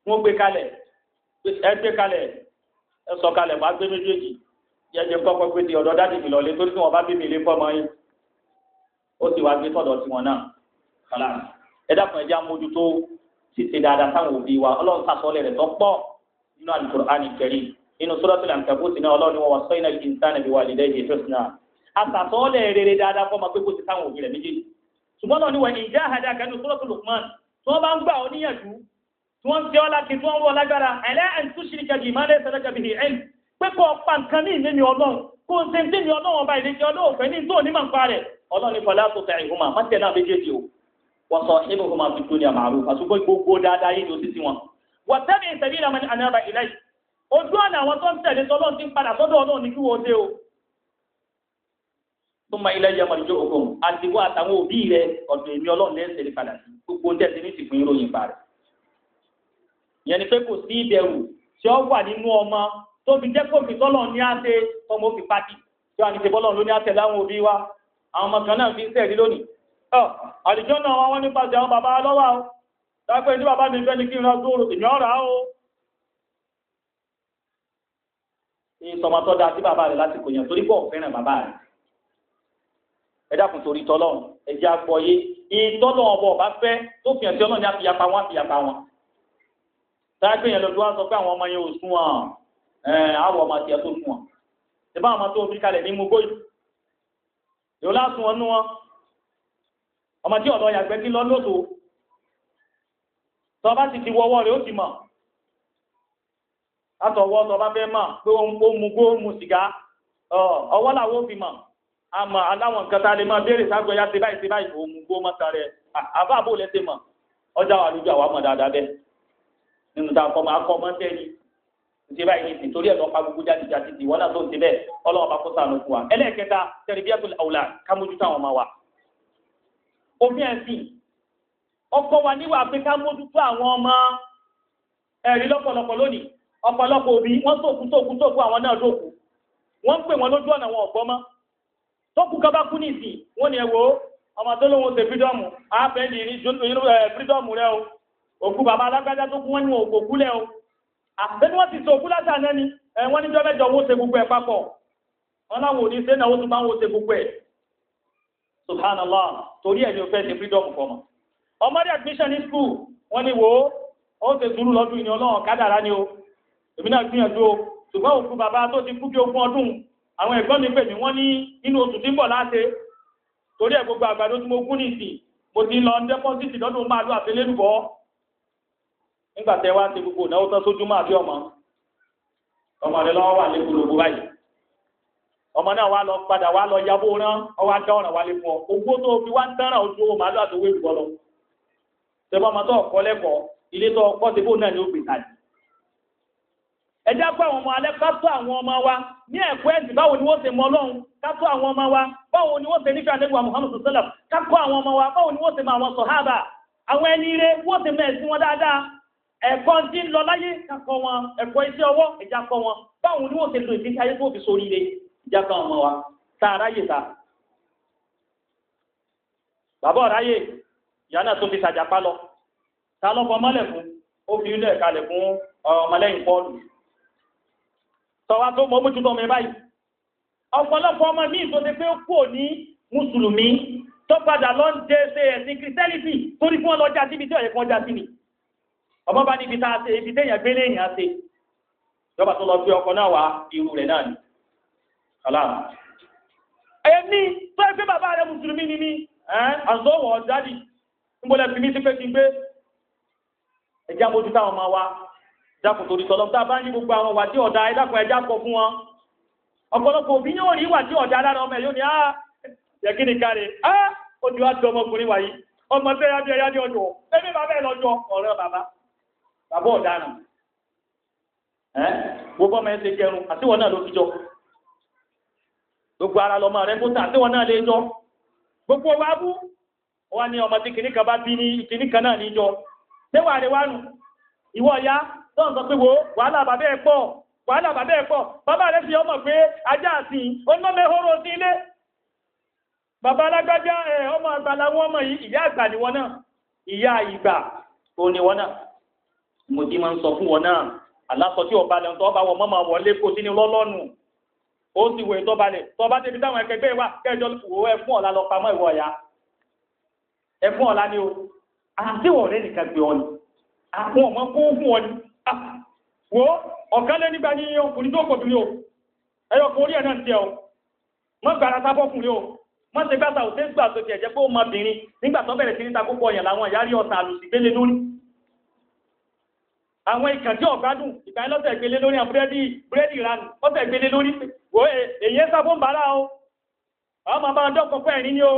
wọ́n gbé kalẹ̀ ẹ gbé kalẹ̀ ẹ sọ kalẹ̀ wàá gbé méjèèjì jẹjẹ kọ́kọ́ pé ti ọ̀dọ̀ dáàdì mi lọ́lé torí tí wọ́n bá bí mi lé fọ́mọ yín ó sì wáá gbé sọ́dọ̀ tiwọn náà kọ́lá ẹ dákun ẹ jẹ́ amójútó ṣèṣe dáadáa táwọn òbí wa ọlọ́run sàsọ́lẹ̀ rẹ̀ tó pọ̀ nínú Al-Qur'ani Karim nínú Suratul Ankabut náà ọlọ́run wọn wà sọ́yìn náà kì í sáà nàbí wà lè dẹ́ asàtọ́lẹ̀ rere dáadáa fọmọ pé kó ti táwọn òbí rẹ̀ méjèèjì ṣùgbọ́n náà ni wọ́n ìjà àdá kẹ́nu sọ́lọ́tù Luqman tí wọ́n bá ń gbà ọ́ níyànjú tí wọ́n ń fi ọ́ láti tí wọ́n ń wọ́ lágbára ẹ̀lẹ́ ẹ̀ ń tún ṣì ní kẹ́bi ìmọ̀ ẹ̀ sẹ́lẹ̀ kẹ́bi ẹ̀ pé kó pa nǹkan ní ìlémi Ọlọ́run kó ń ṣe ń tẹ̀mí Ọlọ́run ọba ìlẹ́jẹ́ Ọlọ́run fẹ́ ní tó onímọ̀ nípa rẹ̀ Ọlọ́run ní fọlá tó tẹ̀ ìhùmà má tẹ̀ náà méjèèjì o wọ́n sọ inú ìhùmà fi dúnìá màrú àṣùgbọ́n gbogbo dáadáa yìí ló sì sí wọn. wọ́n tẹ́bi ìṣẹ̀lẹ̀ ìlànà àná ojú ọ̀nà àwọn tó ń tẹ̀lé tọ́lọ́ ti ń padà sọ́dọ̀ Ọlọ́run ní kí wọ́n dé o súnmọ́ ilé yẹn mọ̀ lójú òkun àti wọ́n àtàwọn òbí rẹ ọ̀dọ̀ èmi ọlọ́run lẹ́sẹ̀ lè padà sí gbogbo ń tẹ̀sí ní ìsìnkú ìròyìn pa rẹ̀. ìyẹn ni pé kò sí ìbẹ̀rù tí ó wà nínú ọmọ tó fi jẹ́ kó fi tọ́lọ̀ ní àṣẹ ọmọ òfin pàtì tí wọ́n á ní ṣe bọ́lọ̀ ló ní àṣẹ láwọn òbí wa àwọn ọmọ kan náà fi ń sẹ̀rí lónìí. àdìjọ́ náà wọ́n nípasẹ̀ àwọn bàbá lọ́wọ́ o dápẹ́ ní bàbá mi fẹ́ ni kí n ra zoro èmi ọ̀rà o. ní sọmọtọ́ da sí bàbá ẹ dákun torí tọlọ́run ẹ jẹ́ àgbọ́yé ìtọ́lọ́run ọba ọba fẹ́ tó fi hàn sí ọlọ́run ní àfiyapa wọn àfiyapa wọn. táyàgbé yẹn lọ́dún wa sọ pé àwọn ọmọ yẹn ò sún wọn àwọ̀ ọmọ àti ẹ̀ tó sún wọn. ìbá àwọn ọmọ tó fi kalẹ̀ ní mugbó yìí yóò lásùn wọn nú wọn ọmọ tí ọ̀dọ́ yàgbẹ́ kí lọ lóso tọ́ bá ti ti wọ́wọ́ rẹ̀ ó ti mọ̀ látọ̀wọ́ tọ́ bá fẹ́ mọ̀ pé ó mugbó mu sìgá ọwọ́ làwọn ò fi mọ̀ àmọ́ aláwọn nǹkan tá a lè máa béèrè sáàgbé ya ṣe báyìí ṣe báyìí òun gbó mọ́ta rẹ̀ àbá àbó lẹ́sẹ̀ mọ̀ ọjà wà lójú àwọn ọmọ dáadáa nínú tá a kọ́ máa kọ́ ni ṣe báyìí ní ti torí ẹ̀ lọ́ọ́ pa gbogbo jáde jáde ti wọ́n náà tó ń ti bẹ́ẹ̀ ọlọ́wọ́n bá kó sànù fún wa ẹlẹ́ẹ̀kẹta tarbiyatul aulad kámójú táwọn ọmọ wa òfin ẹ̀sìn ọkọ wa níwà pé ká mójútó àwọn ọmọ ẹ̀rí lọ́pọ̀lọpọ̀ lónìí ọ̀pọ̀lọpọ̀ òbí wọ́n tókù tókù tókù àwọn náà tókù wọ́n ń pè wọ́n lójú ọ̀nà wọn ọ̀gbọ́n mọ́ tókù kaba kú ní ìsìn wọ́n ní ẹ̀wọ́ ọmọ tó lóun ṣe fídọ́ọ̀mù àáfẹ́ ní fídọ́ọ̀mù rẹ o òkú bàbá alágbájá tó kú wọ́n ní òkú lẹ o àbẹ́ni wọ́n ti sọ òkú látà náà ni wọ́n ní jọ́mẹ́jọ wọ́n ṣe gbogbo ẹ̀ papọ̀ wọ́n láwọn ò ní ṣe náà ó tún bá wọn ṣe gbogbo ẹ̀ subhanallah torí ẹ̀ ni o fẹ́ ṣe fídọ́ọ̀mù fọmọ ọmọ rí admission ní school wọ́n ní wo ó ṣe sùúrù lọ́dún ìní ọlọ́run kádàrá ni o èmi náà gbìyànjú o ṣùgbọ́n òkú bàbá tó ti kú bí ogún ọdún àwọn ẹ̀gbọ́n mi pè mí wọ́n ní nínú oṣù tí ń bọ̀ láṣẹ torí ẹ̀ gbogbo àgbàdo tí mo gún nìsín mo ti lọ dẹ́pọ́sìtì lọ́dún máa lọ àtẹlẹ́dùbọ́ nígbà tẹ wá ṣe gbogbo ìnáwó tán sójú máa bí ọmọ ọmọ rẹ lọ́wọ́ wà lẹ́kùn lóko báyìí ọmọ náà wà lọ padà wà lọ yabó rán ọwọ́ adá ọ̀ràn wà lè fún ọ owó tó fi wá ń tẹ́ràn ojú owó màálù àtòwé ìbọn lọ tẹ́fọ́ ọmọ tó ọ̀kọ́ lẹ́kọ̀ọ́ ilé tó ọkọ́ tẹ́fọ́ ẹ dákọ́ àwọn ọmọ alẹ́ ká tó àwọn ọmọ wa ní ẹ̀kọ́ ẹ̀sìn báwo ni wọ́n ṣe mọ ọlọ́run ká tó àwọn ọmọ wa báwo ni wọ́n ṣe nífẹ̀ẹ́ àdéhùn Muhammad sallam ká kọ́ àwọn ọmọ wa báwo ni wọ́n ṣe mọ àwọn sọ̀hábà àwọn ẹni ire wọ́n ṣe mọ ẹ̀sìn wọn dáadáa ẹ̀kọ́ tí ń lọ láyé ká wọn ẹ̀kọ́ iṣẹ́ ọwọ́ ẹ̀já kọ́ wọn báwo ni wọ́n ṣe lo ìfísí ayé tó fi sórí ire ìjà kan ọmọ wa tá a ta bàbá ọ̀ráyè ìyá náà tó fi sàjàpá lọ ta lọ́kọ̀ ọmọlẹ̀ ó fi ilé ẹ̀kalẹ̀ fún ọmọlẹ́yìn pọ́ọ̀lù tọ́wá tó mọ́ mójútó ọmọ ẹ báyìí ọ̀pọ̀lọpọ̀ ọmọ míì tó ti pé ó kò ní mùsùlùmí tó padà lọ ń jẹ ṣe ẹ̀sìn kìrìsìtẹ́nìtì torí fún ọlọ́jà síbi tí ọ̀yẹ́ kan já sí ni ọmọ bá níbi tá a ṣe ibi téèyàn gbélé èèyàn ṣe ìjọba tó lọ gbé ọkọ náà wá irú rẹ̀ náà ni kàlámù. èmi tó ẹ pé bàbá rẹ mùsùlùmí ni mí àzọwọ̀ ọ̀dádì ń bọ́lẹ̀ fi mí sí pé kí gbé ẹ̀jẹ̀ àmójútó àwọn ọmọ wa dákun torí tọ́lọ́ tá a bá ní gbogbo àwọn wà tí ọ̀dà ẹ̀dákun ẹ̀já kọ fún wọn ọ̀pọ̀lọpọ̀ òbí yóò rí wà tí ọ̀dà lára ọmọ ẹ̀ yóò ní yẹ kí ni káre á ó ti wá di ọmọkùnrin wáyé ọmọ ẹgbẹ́ yá bí ẹyá ní ọjọ́ ẹbí bàbá ẹ lọ́jọ́ ọ̀rẹ́ bàbá bàbá ọ̀daràn ẹ́ gbogbo ọmọ ẹ ti gẹrun àtiwọn náà ló fi jọ gbogbo ara lọmọ rẹ kó tà àtiwọn náà lè jọ gbogbo wa bú wọn ni ọmọ tí kìnnìkan bá bí ní kìnnìkan náà níjọ tẹwàá rẹ wá nù ìwọ ya tọ́n sọ pé wo wàhálà bàbá ẹ̀ pọ̀ wàhálà bàbá ẹ̀ pọ̀ bàbá rẹ̀ fi ọmọ pé ajá àsìn onímọ̀ ehoro sí ilé bàbá alágbájá ẹ̀ ọmọ àgbà làwọn ọmọ yìí ìyá àgbà ni wọn náà ìyá ìgbà òun ni wọn náà mo ti máa ń sọ fún wọn náà aláṣọ tí ọba lẹ́nu tó ọba wọn mọ́ máa wọlé kó sínú lọ́lọ́nù ó sì wòye tó balẹ̀ tó ọba débi táwọn ẹgbẹgbẹ́ wà ọ̀la ni o àti wọ̀ rẹ nìkan gbé ọ ni àwọn ọmọ kó fún ọ ni Ah, wo ọ̀kẹ́lẹ́ nígbà ní ọkùnrin tó pọ̀ bìnrin o ẹyọ kan orí ẹ̀ ti ẹ̀ o mọ́ gbàrà sábọ́ kùnrin o mọ́ ṣe gbàtà ò tẹ́ gbà tó tiẹ̀ jẹ́ pé ó mọ bìnrin nígbà tó bẹ̀rẹ̀ sí ní takókò ọ̀yàn làwọn ìyá rí ọ̀sán àlùsí gbélé lórí àwọn ìkàn tí ọ̀gbádùn ìkàn lọ́sẹ̀ ìgbélé lórí àwọn búrẹ́dì búrẹ́dì ìranù lọ́sẹ̀ ìgbélé lórí wo e, èyí ń sábó ń bàárà o àwọn máa bá ń dọ́kọ̀ pẹ́ ẹ̀rín ni o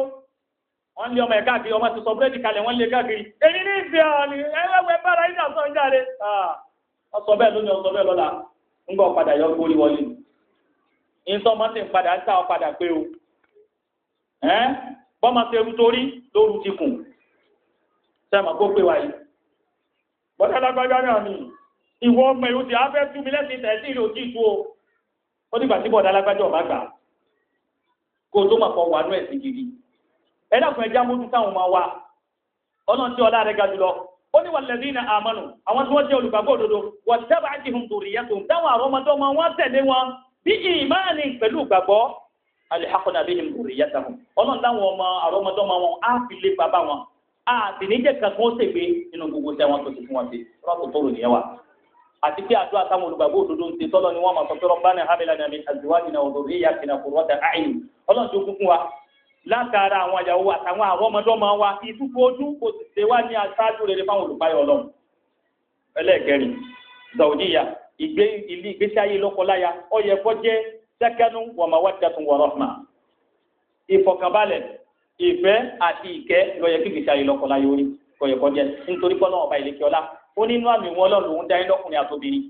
wọ́n lé ọmọ ẹ̀ káàkiri ọmọ ti sọ búrẹ́dì kalẹ̀ wọ́n lé káàkiri èyí ní ìfẹ́ ọ̀nì ẹ̀rẹ́wẹ̀ bára ìdàsọ̀ ń jáde ah. ọsọ bẹ́ẹ̀ lónìí ọsọ bẹ́ẹ̀ lọ́la ńgbà ọ̀padà yọ kó wọlé ìtọ́ máa ti ń padà ń ta pé o bọ́mọ ti eru torí lóru ti kùn sẹ́mọ̀ kó pé wáyé bọ́dá lágbájá náà ni ìwọ ọmọ ìlú ti afẹ́ tú mi o ó dìgbà tí bọ́dá lágbájá gbà kó tó mọ̀ wà nú ẹ̀sìn gidi ẹja mójú wa ọlọ́run tí ọlá rẹ̀ ga ó ní wàlẹ́dínà àmọ́nù àwọn tí wọ́n jẹ́ olùgbàgbọ́ òdodo wọ́n tẹ́bà á jìhùn dòrì yẹn tó ń dáwọn àrọ́mọdé ọmọ wọn tẹ̀lé wọn bí ìmáàní pẹ̀lú ìgbàgbọ́ alihakuna bí ìhùn dòrì yẹn tàwọn ọlọ́run dáwọn ọmọ àrọ́mọdé ọmọ wọn á fi lé bàbá wọn á sì ní jẹ́ kankan ó ṣègbè nínú gbogbo tẹ́ wọn tó ti fún wọn sí rọ́ọ̀tù tó rò nìyẹn wa àti pé àdúrà táwọn olùgbàgbọ́ òdodo ń ṣe tọ́lọ́ ni wọ́n máa sọ pé rọ́bánà hábìlánà min azwajina wa dhurriyyatina qurrata a'yun ọlọ́run látara àwọn àyàwó àtàwọn àwọn ọmọdọ́mọ wa ìtúkọ ojú kò sì ṣe wá ní aṣáájú rere fáwọn olùpayọ Ọlọ́run ẹlẹ́ẹ̀kẹrin saudiya ìgbé ilé ìgbésí ayé lọ́kọláya ó yẹ kó jẹ́ sẹkẹnu wàmáwájàtún wọrọfúnà ìfọ̀kànbalẹ̀ ìfẹ́ àti ìkẹ́ ló yẹ kí ìgbésí ayé lọ́kọláya orí kò yẹ kó jẹ́ nítorí pọnà ọba ìlẹkẹọlá ó nínú àmì wọn Ọlọ́run lòún dání lọ́kùnrin àtòbìnrin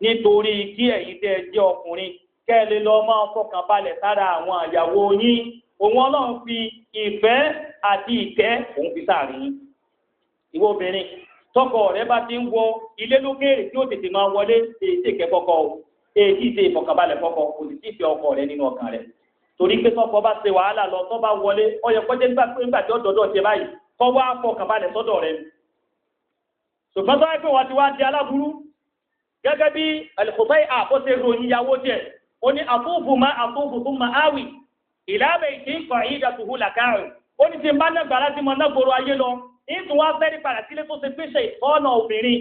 nítorí kí ẹ̀yin tẹ́ jẹ́ ọkùnrin kẹ́ lè máa fọkànbalẹ̀ sára àwọn àyàwó yín òun ọlọ́run fi ìfẹ́ àti ìkẹ́ òun fi sáàrin yín ìwọ obìnrin tọkọ rẹ bá ti ń wọ ilé lókèèrè tí ó tètè máa wọlé èyí tí ìkẹ́ kọ́kọ́ o èyí tí ìṣe ìfọ̀kànbalẹ̀ kọ́kọ́ kò sì tí ì fi ọkọ rẹ nínú ọkàn rẹ torí pé tọkọ bá ṣe wàhálà lọ tọ́ bá wọlé ọyọ kọjá nígbà pé nígbà tí ó dọ̀dọ̀ ṣe báyìí kọ́ wá fọkànbalẹ̀ sọ́dọ̀ rẹ ṣùgbọ́n tó wáyé pé ti wá di aláburú gẹ́gẹ́ bí àlùkò báyìí àbọ̀ṣe ròyìn ìyàwó jẹ́ ó ní má àtúbù tó má áwì ìlàbẹ̀ ìdí nǹkan yìí dàtúhù làkàrùn ó ní ti bá nàgbà láti mọ nàgbòrò ayé lọ nítorí wá fẹ́ẹ́ padà sílé tó ti pèsè ìtọ́nà obìnrin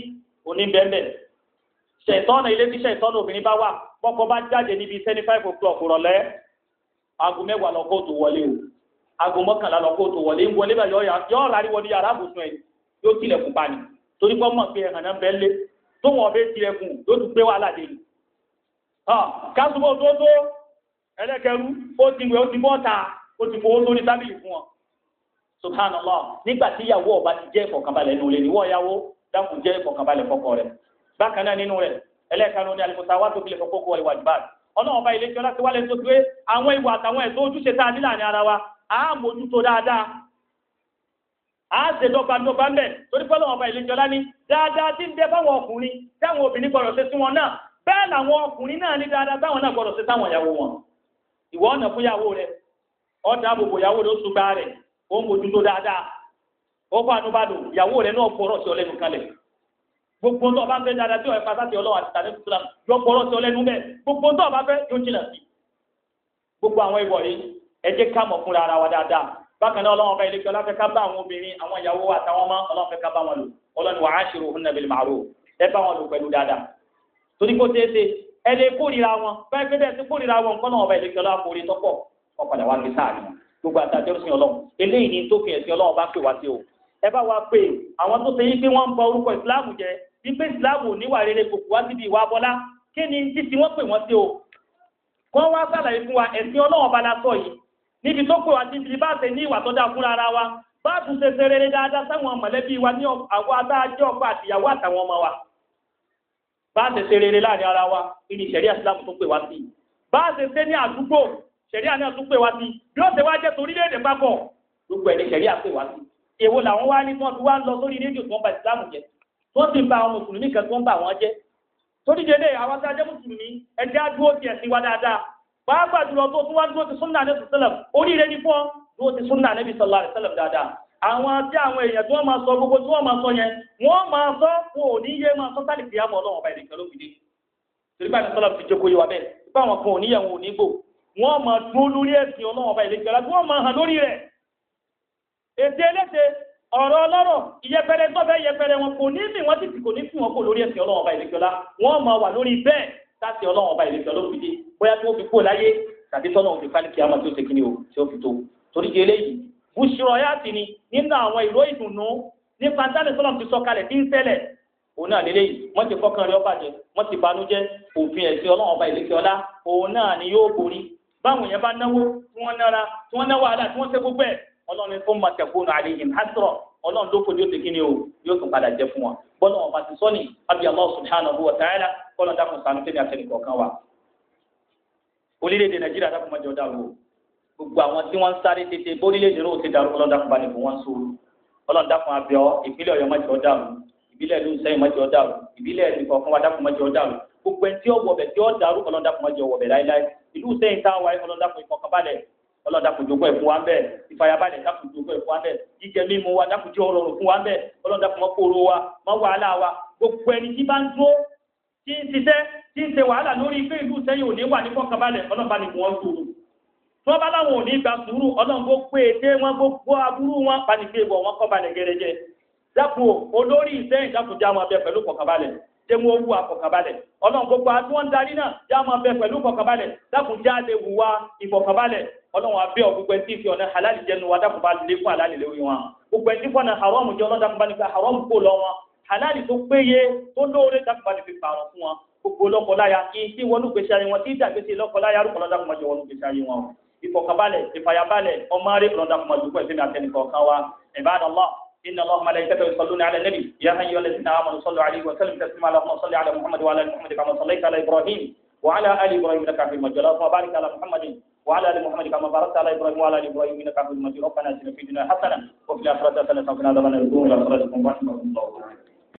òní bẹ́ẹ̀ ṣètọ́nà ilé tíṣẹ́ ìtọ́nà obìnrin bá wà bọ́kọ bá jáde níbi twenty five o'clock rọ̀lẹ́ aago mẹ́wàá lọ kóòtù wọlé o aago mọ́kànlá lọ kóòtù wọlé ń wọlé bá yọ̀ọ́ rárí wọlé yàrá àbùsùn ẹ̀ yóò tilẹ̀kùn pa ni torí pé mọ̀ pé ẹ̀hàn náà bẹ́ẹ̀ ẹlẹ́kẹrú ó ti wẹ̀ ó ti bọ́ta ó ti fowó sórí tábìlì fún ọ subhanallah nígbà tí ìyàwó ọba ti jẹ́ ìfọ̀kànbalẹ̀ nù lè níwọ̀ ìyàwó dákun jẹ́ ìfọ̀kànbalẹ̀ fọkọ rẹ̀ bákan náà nínú rẹ̀ ẹlẹ́kẹrù ni al-musawatu fil huquqi wal wajibat ọlọ́run ọba ilé kíọ́lá ti wálé tó pé àwọn ìwà àtàwọn ẹ̀tọ́ ojúṣe tá a ní láàrin ara wa á mójútó dáadáa á ṣe dọ́gbandọ́gba mbẹ̀ torí pé ọlọ́run ọba ilé kíọ́lá ní dáadáa tí ń bẹ fáwọn ọkùnrin táwọn obìnrin gbọ́dọ̀ ṣe sí wọn náà bẹ́ẹ̀ làwọn ọkùnrin náà ní dáadáa táwọn náà gbọ́dọ̀ ṣe táwọn ìyàwó wọn ìwọ ọ̀nà fún ìyàwó rẹ ọ̀dà àbòbò ìyàwó rẹ ó sùn gbáà rẹ ó ń mójútó dáadáa ó fún ànúbàdùn ìyàwó rẹ náà pọ̀rọ̀ sí ọlẹ́nu kalẹ̀ gbogbo tó o bá fẹ́ dáadáa tí o ẹ̀fà sáti ọlọ́wà àti tàbí tuntun yọ pọ̀rọ̀ sí ọlẹ́nu bẹ́ẹ̀ gbogbo tó o bá fẹ́ yóò jìnà sí gbogbo àwọn ìwọ̀ yìí ẹ jẹ́ ká mọ̀ fúnra ara wa dáadáa bákan náà ọlọ́wọ́n fẹ́ ilé kí ọlọ́fẹ́ ká bá àwọn obìnrin àwọn ìyàwó àtàwọn ọmọ ọlọ́fẹ́ ká bá wọn lò ọlọ́ni wa'ashiruhunna bil ma'ruf ẹ bá wọn lò pẹ̀lú dáadáa torí kó tẹ́tẹ́ ẹ lè kórìíra wọn bẹ́ẹ̀ pé bẹ́ẹ̀ ti kórìíra wọn nǹkan ọba ìlú ìjọba kórè tọ́pọ̀ ọ̀padà wá sáà gbogbo àtàjọ sí ọlọ́run eléyìí ni tó fi ẹ̀sìn ọlọ́run bá pè wá o ẹ bá wa pé àwọn tó ṣe pé bọ ń bà orúkọ ìsìláàmù ìsìláàmù rere wá síbi ìwà kí ni títí o wá sàlàyé fún wa ọlọ́run bá yìí níbi tó pè wá fúnra ara wa bá tún ṣe ṣe rere dáadáa sáwọn mọ̀lẹ́bí bá a ṣe ṣe rere láàrin ara wa ìní ìṣẹ̀rí àsìlámù tó pè wá sí bá a ṣe ṣe ní àdúgbò ṣẹ̀rí àná tó pè wá sí bí ó ṣe wá jẹ́ torílẹ̀-èdè papọ̀ gbogbo ẹ̀ ní ṣẹ̀rí àpè wá sí èwo làwọn wá ní tí wọ́n fi wá lọ sórí rédíò tí wọ́n ba ìsìlámù jẹ́ tí wọ́n sì ń ba àwọn mùsùlùmí kan tí wọ́n ba àwọn jẹ́ torídéédé àwọn tí a jẹ́ mùsùlùmí ẹ̀jẹ̀ á dúró tiẹ̀ sí wa dáadáa pàápàá jùlọ tó tún wá dúró ti súnà nẹ́bí sọ́lẹ̀m oríire ní fún dúró ti súnà nẹ́bí sọ́lá dáadáa àwọn tí àwọn èèyàn tí wọ́n máa sọ gbogbo tí wọ́n máa sọ yẹn wọ́n máa sọ wọn ò ní yé máa sọ sálì kìí àmọ́ ọlọ́wọ́n ọba ìrìnkẹ́ ló fi dé torí báyìí sọlá fi jókòó yé wa bẹ́ẹ̀ pé àwọn kan ò níyẹ̀ wọn ò ní gbò wọ́n máa dúró lórí ẹ̀sìn ọlọ́wọ́n ọba ìrìnkẹ́ láti wọ́n máa hàn lórí rẹ̀ ètè eléte ọ̀rọ̀ ọlọ́rọ̀ ìyẹpẹrẹ gbọ́fẹ́ yẹpẹrẹ wọn kò ní mì wọ́n títí kò ní fún wọn kò lórí ẹ̀sìn ọlọ́wọ́n ọba ìrìnkẹ́lá wọ́n bùṣùrọ̀yàtì ni nínú àwọn ìró ìdùnnú nípa dáni sọ́lọ́m ti sọ kalẹ̀ bí ń tẹ́lẹ̀ òun náà lélẹ́yìí wọ́n ti fọ́kàn rẹ̀ ọba jẹ wọ́n ti banújẹ́ òfin ẹ̀sìn ọlọ́run ọba ìlẹ́kẹ̀ ọlá òun náà ni yóò borí báwọn èèyàn bá náwó tí wọ́n nára tí wọ́n náwó àdá tí wọ́n ṣe gbogbo ẹ̀ ọlọ́run tó máa tẹ̀kún àlehìn hásírọ̀ ọlọ́run ló kojú ti kíni o yóò tún padà jẹ fún wa bọ́lá wọn bá ti sọ́ni àbí Allah subhanahu wa ta'ala kọ́lọ́dà kùn sànú tẹ́lẹ̀ àtẹnìkọ̀ọ̀kan wa orílẹ̀-èdè nàìjíríà dákùn mọ́jọ́ dàrú o gbogbo àwọn tí wọ́n ń sáré tètè bórílẹ̀-èdè náà ti dàrú ọlọ́dàkùn bá ní fún wọn sóoru ọlọ́dàkùn abẹ́ ọ ìpínlẹ̀ ọ̀yọ́ mọ́jọ́ dàrú ìbílẹ̀ ìlú sẹ́yìn mọ́jọ́ dàrú ìbílẹ̀ ẹ̀dùnkọ̀ fún wadàkùn mọ́jọ́ dàrú gbogbo ẹni tí ó wọ̀bẹ̀ tí ó dàrú ọlọ́dàkùn mọ́jọ́ wọ̀bẹ̀ láíláí ìlú sẹ́yìn táwa ọlọ́dàkùn ìfọkànbalẹ̀ ọlọ́dàkùn jogún ẹ̀ fún wa ń bẹ̀ ìfàyàbalẹ̀ dàkùn jogún ẹ̀ fún wa ń bẹ̀ jíjẹ mímu wa dàkùn tí ó rọrùn fún wa ń bẹ̀ ọlọ́dàkùn mọ́ kóró wa mọ́ wàhálà wa gbogbo ẹni tí bá ń dúró tí ń ṣiṣẹ́ tí ń ṣe wàhálà lórí pé ìlú sẹ́yìn ò ní wà ní fọkànbalẹ̀ ọlọ́ba ni wọ́n ń sòrò tí wọ́n bá láwọn ò ní gba sùúrù ọlọ́run kó pé ète wọn gbogbo aburú wọn panigbé wọ̀ wọn kọ́ balẹ̀ gẹ́rẹ́jẹ́ dákun olórí ìsẹ́yìn dákun já wọn bẹ pẹ̀lú kọ̀kàbalẹ̀ jẹ́ wọn wú akọ̀kàbalẹ̀ ọlọ́run gbogbo àti wọn darí náà já wọn bẹ pẹ̀lú tí fi ọ̀nà halali jẹnu wa dákun bá lékún halali lórí wọn gbogbo ẹni tí haram jẹ́ ọlọ́run dákun bá haram kó lọ halali tó péye tó lóore dákun bá nípa pààrọ̀ fún wọn gbogbo lọ́kọ̀ọ́láyà kí tí wọnú gbèsè ayé wọn tí dàgbèsè lọ́kọ̀ọ́láyà rúkọ̀ọ́lá dákun ìfọ̀kànbalẹ̀ ìfàyàbalẹ̀ ọmọ rẹ̀ lọ́dà fún ọdún pẹ̀lú àtẹnìkọ̀ kan wa ibadallah إن الله ملائكته يصلون على النبي يا أيها الذين آمنوا صلوا عليه وسلموا تسليما اللهم صل على محمد وعلى آل محمد كما صليت على إبراهيم وعلى آل إبراهيم إنك حميد مجيد اللهم بارك على محمد وعلى آل محمد كما باركت على إبراهيم وعلى آل إبراهيم إنك حميد مجيد ربنا آتنا في الدنيا حسنة وفي الآخرة حسنة وقنا عذاب النار رحمكم الله